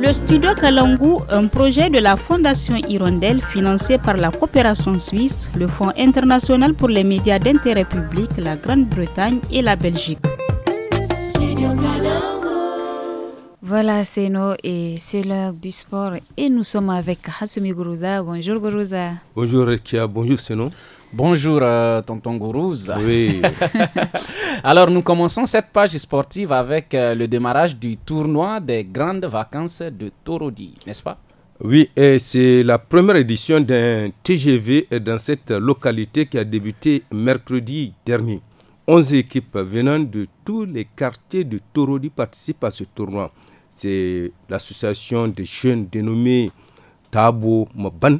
Le studio Kalangu, un projet de la Fondation Hirondelle financé par la coopération suisse, le Fonds international pour les médias d'intérêt public, la Grande-Bretagne et la Belgique. Voilà, c'est nous et c'est l'heure du sport et nous sommes avec Hasumi Gourouza. Bonjour Gourouza. Bonjour Rekia, bonjour Seno. Bonjour, euh, tonton Gourouz. Oui. (laughs) Alors, nous commençons cette page sportive avec euh, le démarrage du tournoi des grandes vacances de Torodi, n'est-ce pas Oui, et c'est la première édition d'un TGV dans cette localité qui a débuté mercredi dernier. 11 équipes venant de tous les quartiers de Torodi participent à ce tournoi. C'est l'association des jeunes dénommée Tabo moban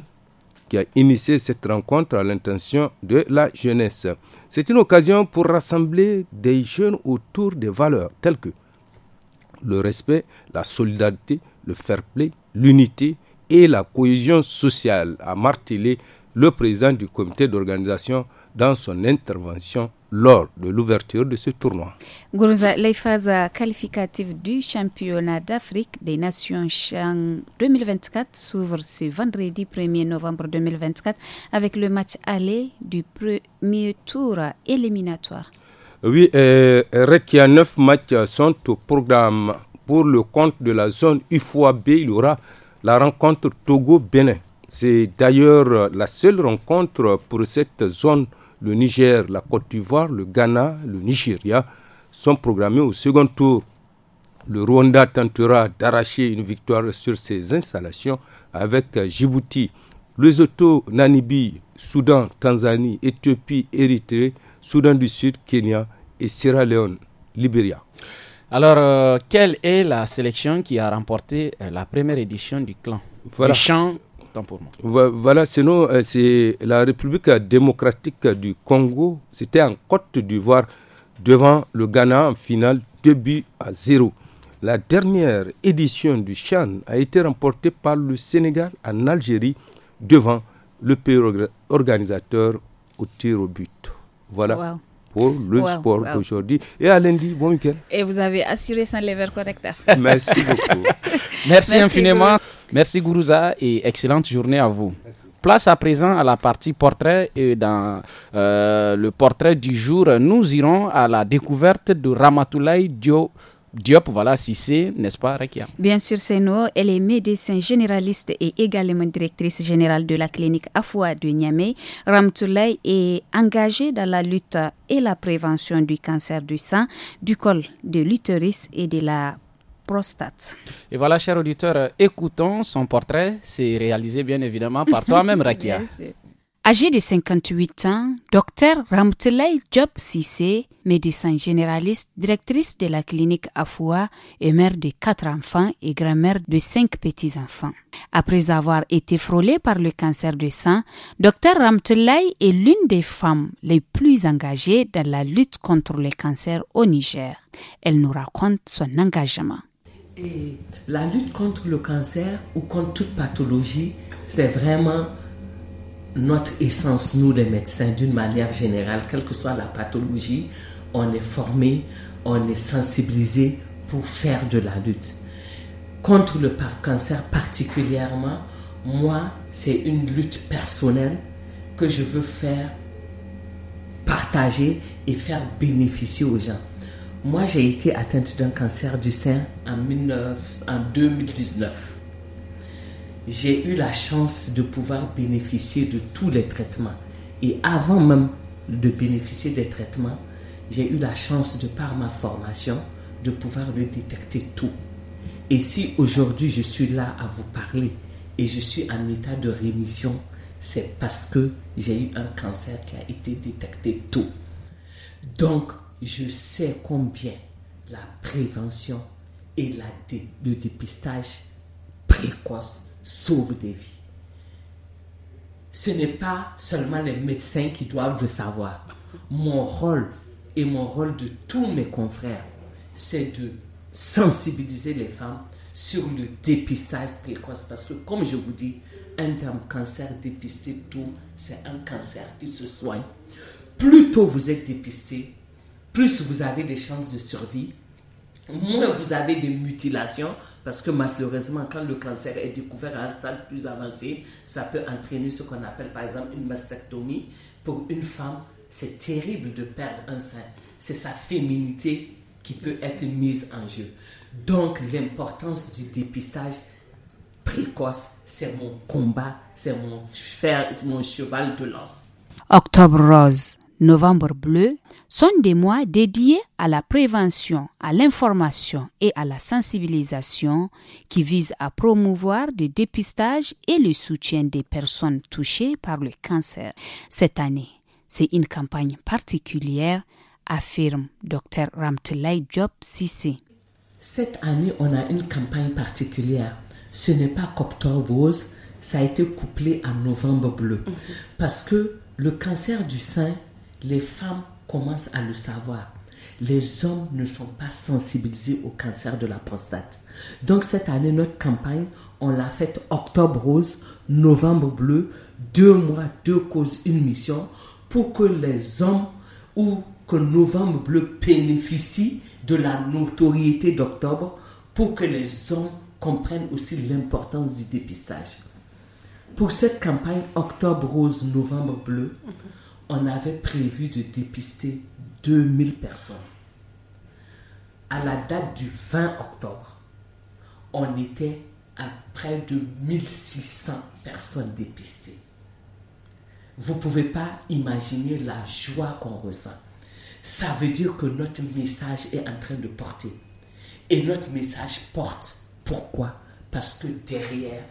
qui a initié cette rencontre à l'intention de la jeunesse. C'est une occasion pour rassembler des jeunes autour des valeurs telles que le respect, la solidarité, le fair play, l'unité et la cohésion sociale, a martelé le président du comité d'organisation dans son intervention lors de l'ouverture de ce tournoi. les phases qualificatives du championnat d'Afrique des Nations Chang 2024 s'ouvrent ce vendredi 1er novembre 2024 avec le match aller du premier tour éliminatoire. Oui, y a neuf matchs sont au programme. Pour le compte de la zone fois B, il y aura la rencontre Togo-Bénin. C'est d'ailleurs la seule rencontre pour cette zone le Niger, la Côte d'Ivoire, le Ghana, le Nigeria sont programmés au second tour. Le Rwanda tentera d'arracher une victoire sur ses installations avec euh, Djibouti. Lesotho, Namibie, Soudan, Tanzanie, Éthiopie, Érythrée, Soudan du Sud, Kenya et Sierra Leone, Libéria. Alors, euh, quelle est la sélection qui a remporté euh, la première édition du clan voilà, sinon, euh, c'est la République démocratique du Congo. C'était en Côte d'Ivoire devant le Ghana en finale 2 buts à 0. La dernière édition du Chan a été remportée par le Sénégal en Algérie devant le pays organisateur au tir au but. Voilà. pour le sport d'aujourd'hui. Et à lundi, bon week-end. Et vous avez assuré sans lever correcteur. Merci beaucoup. (laughs) Merci, infiniment. Merci Gourouza et excellente journée à vous. Place à présent à la partie portrait et dans euh, le portrait du jour, nous irons à la découverte de ramatoulay Diop, voilà, si c'est, n'est-ce pas, Rekia Bien sûr, c'est nous. Elle est médecin généraliste et également directrice générale de la clinique Afoua de Niamey. Ramatoulay est engagée dans la lutte et la prévention du cancer du sang, du col de l'utérus et de la et voilà, chers auditeurs, écoutons son portrait. C'est réalisé bien évidemment par toi-même, (laughs) Rakia. Âgée de 58 ans, docteur Ramtelay Job Sissé, médecin généraliste, directrice de la clinique Afoua et mère de quatre enfants et grand-mère de cinq petits-enfants. Après avoir été frôlée par le cancer du sang, docteur ramtelay est l'une des femmes les plus engagées dans la lutte contre le cancer au Niger. Elle nous raconte son engagement la lutte contre le cancer ou contre toute pathologie, c'est vraiment notre essence, nous les médecins, d'une manière générale, quelle que soit la pathologie, on est formé, on est sensibilisé pour faire de la lutte. Contre le cancer particulièrement, moi, c'est une lutte personnelle que je veux faire partager et faire bénéficier aux gens. Moi, j'ai été atteinte d'un cancer du sein en, 2019. J'ai eu la chance de pouvoir bénéficier de tous les traitements. Et avant même de bénéficier des traitements, j'ai eu la chance, de par ma formation, de pouvoir le détecter tout. Et si aujourd'hui je suis là à vous parler et je suis en état de rémission, c'est parce que j'ai eu un cancer qui a été détecté tôt. Donc, je sais combien la prévention et la, le dépistage précoce sauvent des vies. Ce n'est pas seulement les médecins qui doivent le savoir. Mon rôle et mon rôle de tous mes confrères, c'est de sensibiliser les femmes sur le dépistage précoce. Parce que comme je vous dis, un terme cancer dépisté tôt, c'est un cancer qui se soigne. Plus tôt vous êtes dépisté, plus vous avez des chances de survie, moins vous avez des mutilations, parce que malheureusement, quand le cancer est découvert à un stade plus avancé, ça peut entraîner ce qu'on appelle par exemple une mastectomie. Pour une femme, c'est terrible de perdre un sein. C'est sa féminité qui peut être mise en jeu. Donc l'importance du dépistage précoce, c'est mon combat, c'est mon, mon cheval de lance. Octobre rose, novembre bleu, sont des mois dédiés à la prévention, à l'information et à la sensibilisation qui visent à promouvoir le dépistage et le soutien des personnes touchées par le cancer. Cette année, c'est une campagne particulière, affirme Dr Ramtelai Job Sissé. Cette année, on a une campagne particulière. Ce n'est pas qu'octobre rose, ça a été couplé à novembre bleu. Mhm. Parce que le cancer du sein, les femmes commence à le savoir. Les hommes ne sont pas sensibilisés au cancer de la prostate. Donc cette année, notre campagne, on l'a faite octobre rose, novembre bleu, deux mois, deux causes, une mission, pour que les hommes ou que novembre bleu bénéficie de la notoriété d'octobre, pour que les hommes comprennent aussi l'importance du dépistage. Pour cette campagne octobre rose, novembre bleu, on avait prévu de dépister 2000 personnes. À la date du 20 octobre, on était à près de 1600 personnes dépistées. Vous ne pouvez pas imaginer la joie qu'on ressent. Ça veut dire que notre message est en train de porter. Et notre message porte. Pourquoi Parce que derrière,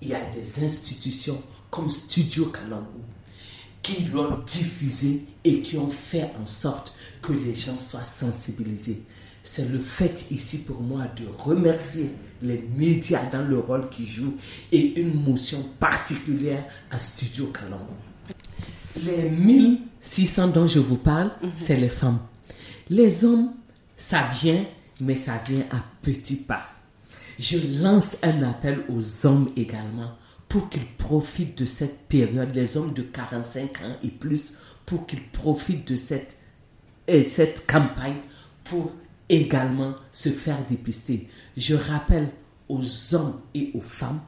il y a des institutions comme Studio canon qui l'ont diffusé et qui ont fait en sorte que les gens soient sensibilisés. C'est le fait ici pour moi de remercier les médias dans le rôle qu'ils jouent et une motion particulière à Studio Calon. Les 1600 dont je vous parle, mhm. c'est les femmes. Les hommes, ça vient, mais ça vient à petits pas. Je lance un appel aux hommes également pour qu'ils profitent de cette période, les hommes de 45 ans et plus, pour qu'ils profitent de cette, cette campagne pour également se faire dépister. Je rappelle aux hommes et aux femmes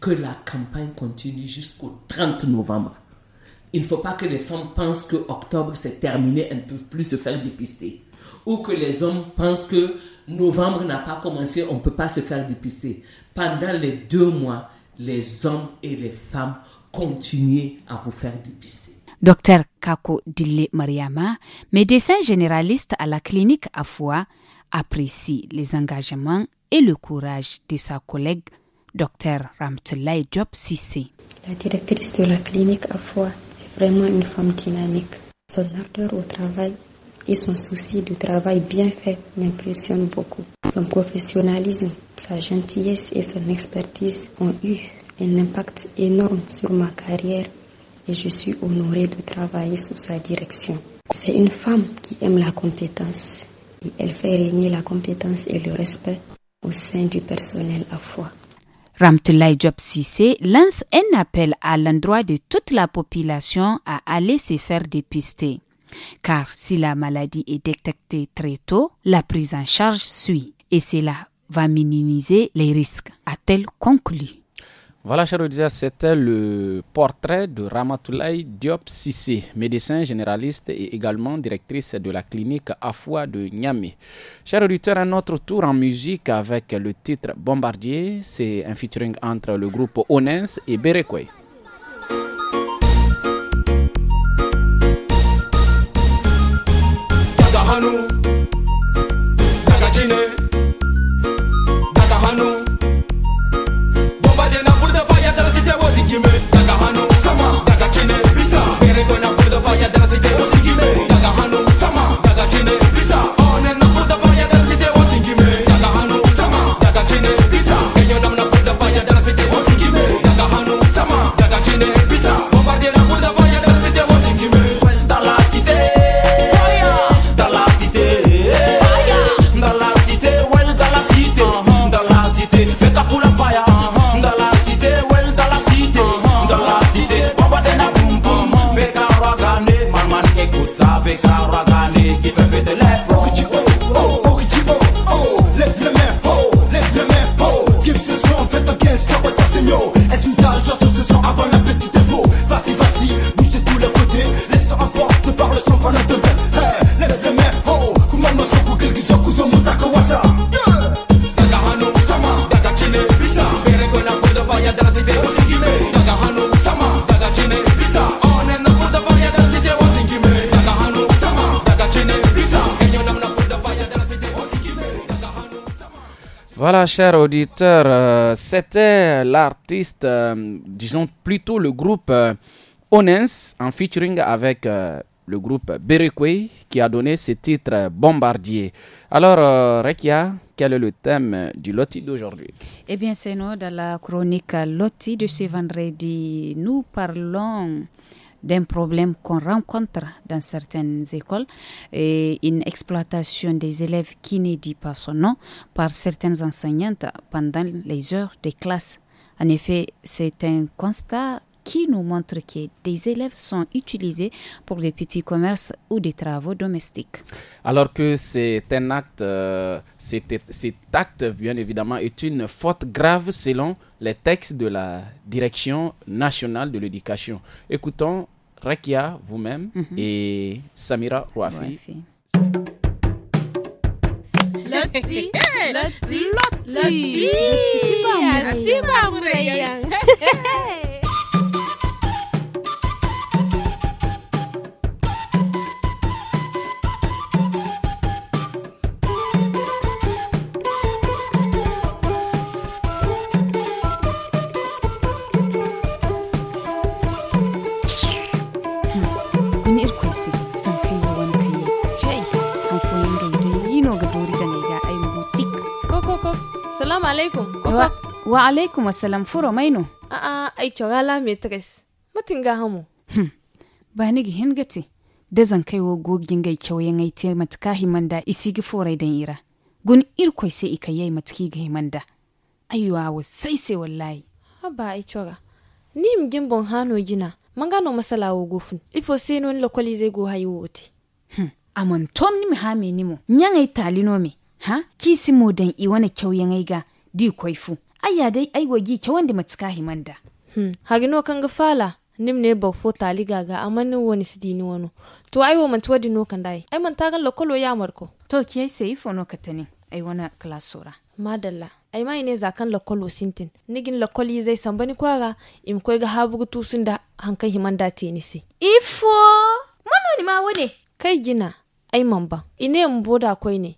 que la campagne continue jusqu'au 30 novembre. Il ne faut pas que les femmes pensent que octobre c'est terminé, elles ne peuvent plus se faire dépister. Ou que les hommes pensent que novembre n'a pas commencé, on ne peut pas se faire dépister. Pendant les deux mois, les hommes et les femmes continuez à vous faire dépister. Docteur Kako Dile Mariama, médecin généraliste à la clinique Afoua, apprécie les engagements et le courage de sa collègue Docteur Ramtulai Job Sissé. La directrice de la clinique Afwa est vraiment une femme dynamique. Son ardeur au travail et son souci de travail bien fait m'impressionne beaucoup. Son professionnalisme, sa gentillesse et son expertise ont eu un impact énorme sur ma carrière et je suis honorée de travailler sous sa direction. C'est une femme qui aime la compétence et elle fait régner la compétence et le respect au sein du personnel à foi. Ramtulai Job lance un appel à l'endroit de toute la population à aller se faire dépister. Car si la maladie est détectée très tôt, la prise en charge suit et cela va minimiser les risques, a-t-elle conclu. Voilà, chers auditeurs, c'était le portrait de Ramatoulaye Diop Sissé, médecin généraliste et également directrice de la clinique Afwa de Niamey. Chers auditeurs, un autre tour en musique avec le titre Bombardier. C'est un featuring entre le groupe Onens et Berekwe. à nous. Voilà, chers auditeurs, euh, c'était l'artiste, euh, disons plutôt le groupe euh, Onens en featuring avec le groupe Berekwe qui a donné ce titre Bombardier. Alors, Rekia, quel est le thème du loti d'aujourd'hui Eh bien, c'est nous, dans la chronique loti de ce vendredi, nous parlons d'un problème qu'on rencontre dans certaines écoles, et une exploitation des élèves qui ne dit pas son nom par certaines enseignantes pendant les heures de classe. En effet, c'est un constat qui nous montre que des élèves sont utilisés pour des petits commerces ou des travaux domestiques. Alors que c'est un acte, cet acte, bien évidemment, est une faute grave selon les textes de la Direction nationale de l'éducation. Écoutons Rakia vous-même et Samira Rouafi. alaikum. Wa alaikum assalam furo maino. A'a ai kyogala matress. Matin ga hamu. Ba ni gihin gati. Da zan kai wo gogin gai kyauyen ai te matka himanda isi gi forai dan ira. Gun irkoi sai ika yai matki ga himanda. Ayyuwa wa sai sai wallahi. Haba ai kyoga. Ni mgin bon hano gina. Mangano masala wo gofun. Ifo sai non lokoli go hayi wote. Amon tom ni mi ha me ni mo. Nyangai talino me. Ha? Kisi mo dan i wani kyauyen ai ga. di kwaifu ayya dai aiwa gi ke wanda matsuka himanda hmm. hagino kan ga fala nim ne ba fo tali gaga amma ni woni sidi ni wono to aiwa man tuwa no kan dai ai man tagan lokolo ya marko to ki ai sai fo no katani ai wana klasora madalla ai mai ne zakan lokolo sintin nigin lokoli zai sambani kwara im koi ga habugu tusun da hankan himanda tenisi ifo manoni ma wone kai gina ai mamba ine mboda koi ne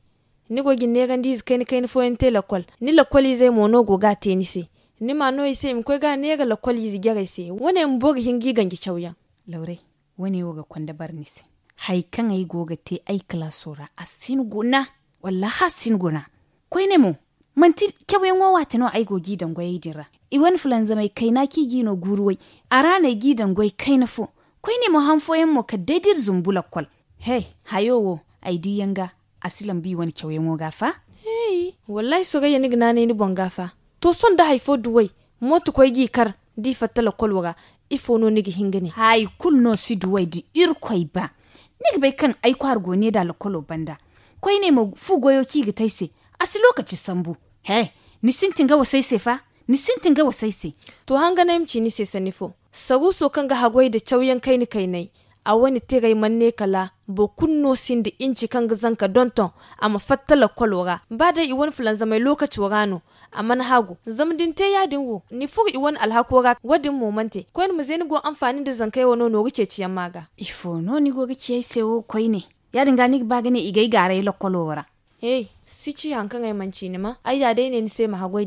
ni go ginne gan diz ken ken fo ente lakwal. ni lakol zai mono go ga tenisi ni ma no ise mi ko ga ne ga lakol izi gere ise wone mboga hingi gangi chawya laure wone wo ga kwanda barnisi hay kan ay go ga te ay kala sora asin guna walla hasin guna ko ne mu manti kyawe ngo wata no ay go gidan goyi dira iwan fulan zamai kai na ki gino guruwai a rana gidan goyi kai na fo ko ne mu hanfoyen mu ka daidir zumbula lakwal. hey wo ai di yanga asilan bi wani gafa hey wallahi so ni bon gafa to son da haifo duwai motu koy gi kar di ifo no nigi hingani hay kul no si di ir koy ba nigi bai kan ai kwar gone da lokolo banda koy ne mo fu goyo ki gi taise asi sambu he ni wa sefa ni sintinga se to na ni se sanifo sagu so kan ga de da cauyan kai ni kai nai kala bo kunno sindi inci kanga zanka donton ama fattala kwalwara bada iwan loka mai lokaci warano aman hagu zamdin te yadin wo ni fuk iwan alhakora wadin momente koyin mu zeni go amfani da zanka yawa no rice ciyan maga ifo no ni go rice sewo koi ne yadin gani ba gane igai garai lokolowara hey ci hankan ai manci ni ma ai da dai ne ni sai mahagwai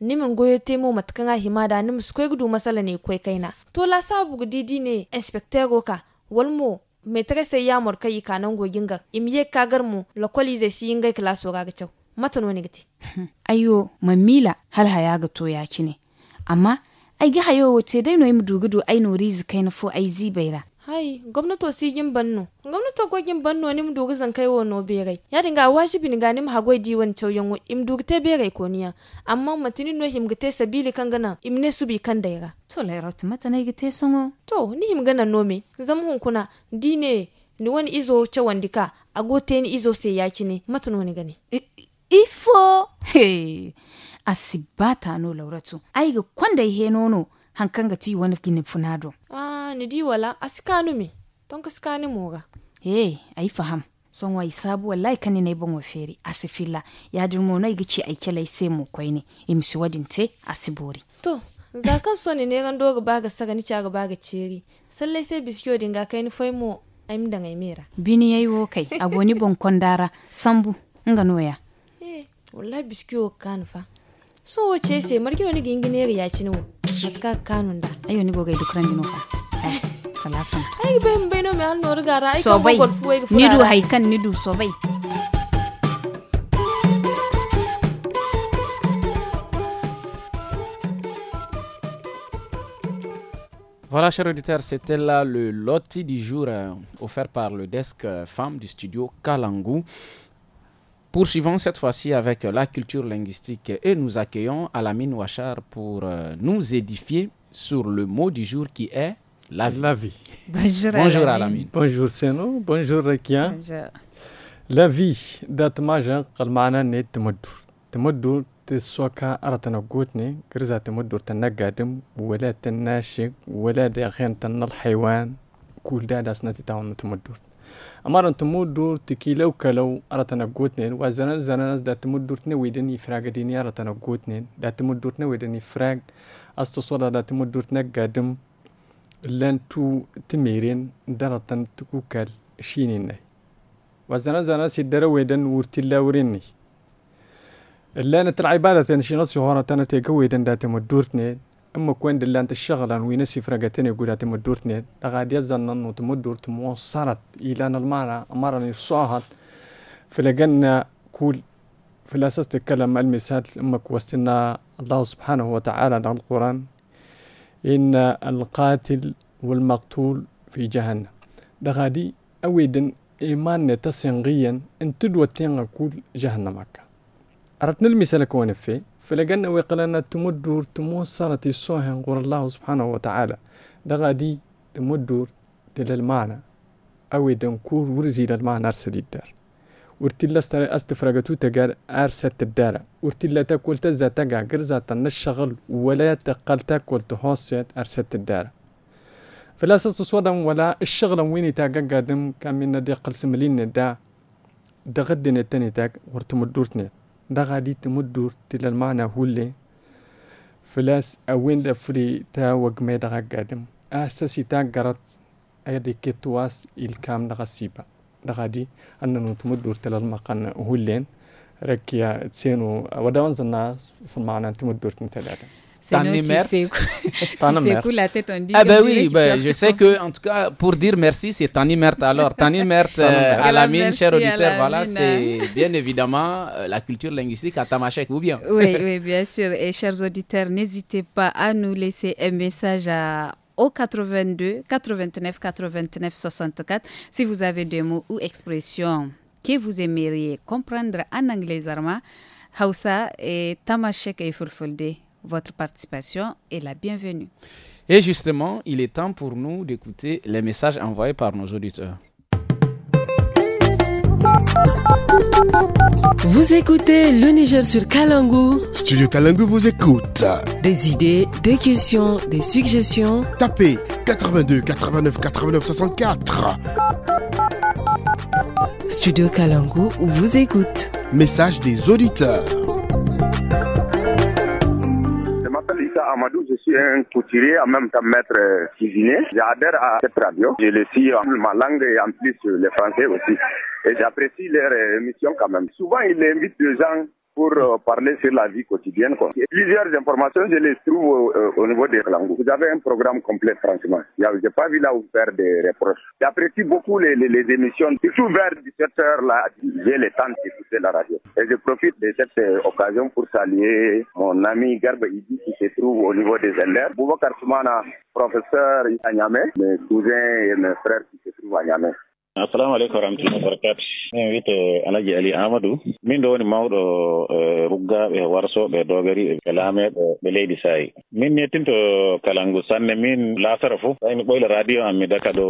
ni min goyo temo matakan a himada ni kwai gudu masala ne kwai kaina to la sabu didi ne inspector goka walmo maitresse ya morka yi kanan gogin ga imye kagar mu lakwali zai si ingai klaso ga gacau mata no gati. Hmm. ayo mamila hal haya ga to ya kine amma ai ga hayo wote dai no mu dugudu ai no rizikai na fo ai zibaira hai gwamnato sigin banno gwamnato ko yin banno nim dugu zan kai wono berai ya dinga wajibi ni ganim hagoi diwan chawyon im te berai koniya amma matini no him gite sabili kan gana ne subi kan daira to rot mata na gite songo to ni him gana me zam hun kuna dine ni wani izo chawandika agote ni izo se ya ne mata ni gane ifo he asibata no lauratu ai ga kwanda ihe nono hankan ga ti wani gini funado ah ni di wala asikanu mi ton ka moga eh ai faham son isabu wa wallahi kani ne bon feri, asifila. ya dirmo no igici mu te asibori to za kan so ne ran baga saga ni baga cherry. sallai sai biskiyo dinga kai ni foi mo aim bini ya wo kai agoni bon kondara sambu nga noya eh wallahi la fa so wace se markino ni gingine ri ya cinu ayo ni gogai dukran dino fa kalafan eh, ai ben beno me an nor gara ai ko gor fuwe ga nidu haikan nidu sobai Voilà, chers auditeurs, c'était là le loti du jour euh, offert par le desk euh, femme du studio Kalangu. Poursuivons cette fois-ci avec la culture linguistique et nous accueillons Alamine Ouachar pour euh, nous édifier sur le mot du jour qui est la vie. La vie. Bonjour, Alamine. Bonjour Seno. Bonjour Rekia. Bonjour. La vie date majeur kalmana ne temodur. Temodur te soka aratana gutne, grisa temodur tanagadem, wala tanashi, wala de rentan al haywan, kulda das natitaon temodur. amaran tumudur tikilew kalow aratanagotnen wazanas zananas datimudurtne wedeni fragadini aratanagotnen datimudurtne wedeni frag astosoda datimudurtne gadim lantu timeren daratan tukukal shininai وزنا زنا سيدرا ويدن ورتي لا وريني لا نتلعب على تنشي نصي هورا تانا تيكا ويدن داتي مدورتني اما كوين دلانت الشغل ان وينسي فرقتني قولات مدورتني غاد يزن انو تمدورت موصرت الى ان المارا امارا يصاهت فلقنا كول في الاساس تتكلم المثال اما كوستنا الله سبحانه وتعالى عن القران ان القاتل والمقتول في جهنم ده غادي اويدن ايمان تسينغيا ان تدوى تين كول جهنمك عرفت المثال كون فيه فلقنا ويقلنا تمدور تموسرة السوهن قول الله سبحانه وتعالى دغادي تمدور تل المعنى أو دنكور ورزي للمعنى أرسل الدار ورتلا استفرغتو تقال أرسلت الدار ورتلا تاكل تزا تقع قرزا تنشغل ولا تقل تاكل تهوسيت أرسلت الدار فلا ستصودا ولا الشغل ويني تاقا قادم كان من دي قلسم لين دا دغدن التاني تاك ورتمدورتني دا غادي تمدو تلا المعنى هولي فلاس أوين دا فري تا وقمي دا قادم أحساسي تا قرط أيدي كتواس الكام دا سيبا دا غادي أننو تمدو تلا المعنى هولين ركيا تسينو ودوان زنا سمعنا تمدو المعنى C'est là tu secoues, (laughs) (laughs) la tête, on dit. Ah ben oui, ben, je sais que en tout cas pour dire merci, c'est Tani Mert. Alors (laughs) Tani Mert euh, à la mine, auditeur, voilà, c'est hein. bien évidemment euh, la culture linguistique à Tamashek ou bien. Oui, oui, bien sûr. Et chers auditeurs, n'hésitez pas à nous laisser un message à au 82 89 89 64 si vous avez des mots ou expressions que vous aimeriez comprendre en anglais arma, Hausa et Tamashek et Fulfulde. Votre participation est la bienvenue. Et justement, il est temps pour nous d'écouter les messages envoyés par nos auditeurs. Vous écoutez le Niger sur Kalangu. Studio Kalangu vous écoute. Des idées, des questions, des suggestions. Tapez 82 89 89 64. Studio Kalangu vous écoute. Message des auditeurs. Amadou, je suis un couturier, en même temps maître cuisinier. J'adhère à cette radio. Je le suis en ma langue et en plus euh, le français aussi. Et j'apprécie leur euh, émission quand même. Souvent, ils invitent des gens pour euh, parler sur la vie quotidienne. Plusieurs informations, je les trouve euh, au, niveau des langues. Vous avez un programme complet, franchement. Je n'ai pas vu là où faire des reproches. J'apprécie beaucoup les, les, émissions. Surtout vers 17h, là, j'ai le temps d'écouter la radio. Et je profite de cette euh, occasion pour saluer mon ami Garba Idi qui se trouve au niveau des LR. Boubou Karsumana, professeur à Niamey, mes cousins et mes frères qui se trouvent à Niamey. assalamu aleykum warahmatullahi wabarakatu min wiyte alaji ali amadou min ɗo woni mawɗo e, ruggaɓe warsoɓe dogari e laameɓe ɓe leydi saayi min nettinto kalangu sanne min laasara fo ay mi ɓoyla radio am mi daka ɗo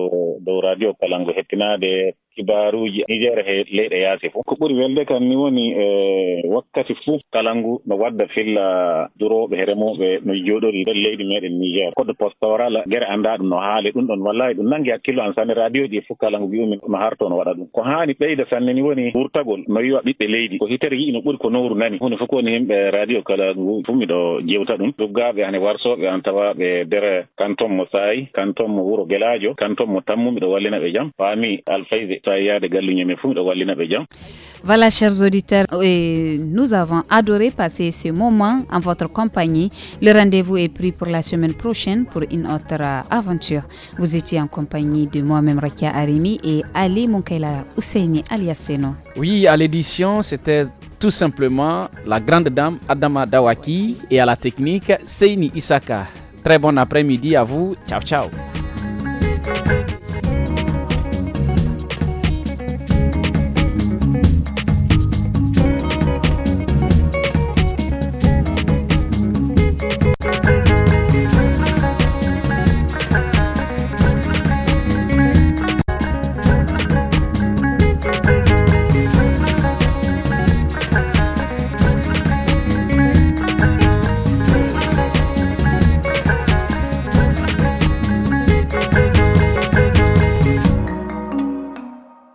dow radio kalangu hettinade kibaruji niger he leyɗe yaasi fof ko ɓuri welde kam ni woni e eh, wakkati fuu kalangu no wadda filla durooɓe e remoɓe no jooɗori ɗon leydi meɗen niger code postoral gere annda ɗum no haali ɗum ɗon wallahi ɗum nangi hakkillo an sanne radio ji fof kalangu mbiumin no harto no waɗa ɗum ko haani ɓeyda sanne ni woni wurtagol no yiwa ɓiɓɓe leydi ko hitere yii no ɓuri ko nowru nani hunde fof ko woni himɓe radio kalangu fuu miɗo jewta ɗum duggaɓe hane warsooɓe an tawaɓe nder canton mo saayi canton mo wuro guelajo canton mo tammu miɗo wallina ɓe jam faami alfayde Voilà, chers auditeurs, nous avons adoré passer ce moment en votre compagnie. Le rendez-vous est pris pour la semaine prochaine pour une autre euh, aventure. Vous étiez en compagnie de moi-même, Rakia Arimi, et Ali Munkaila Ousseini Seno. Oui, à l'édition, c'était tout simplement la grande dame Adama Dawaki et à la technique Seini Isaka. Très bon après-midi à vous. Ciao, ciao.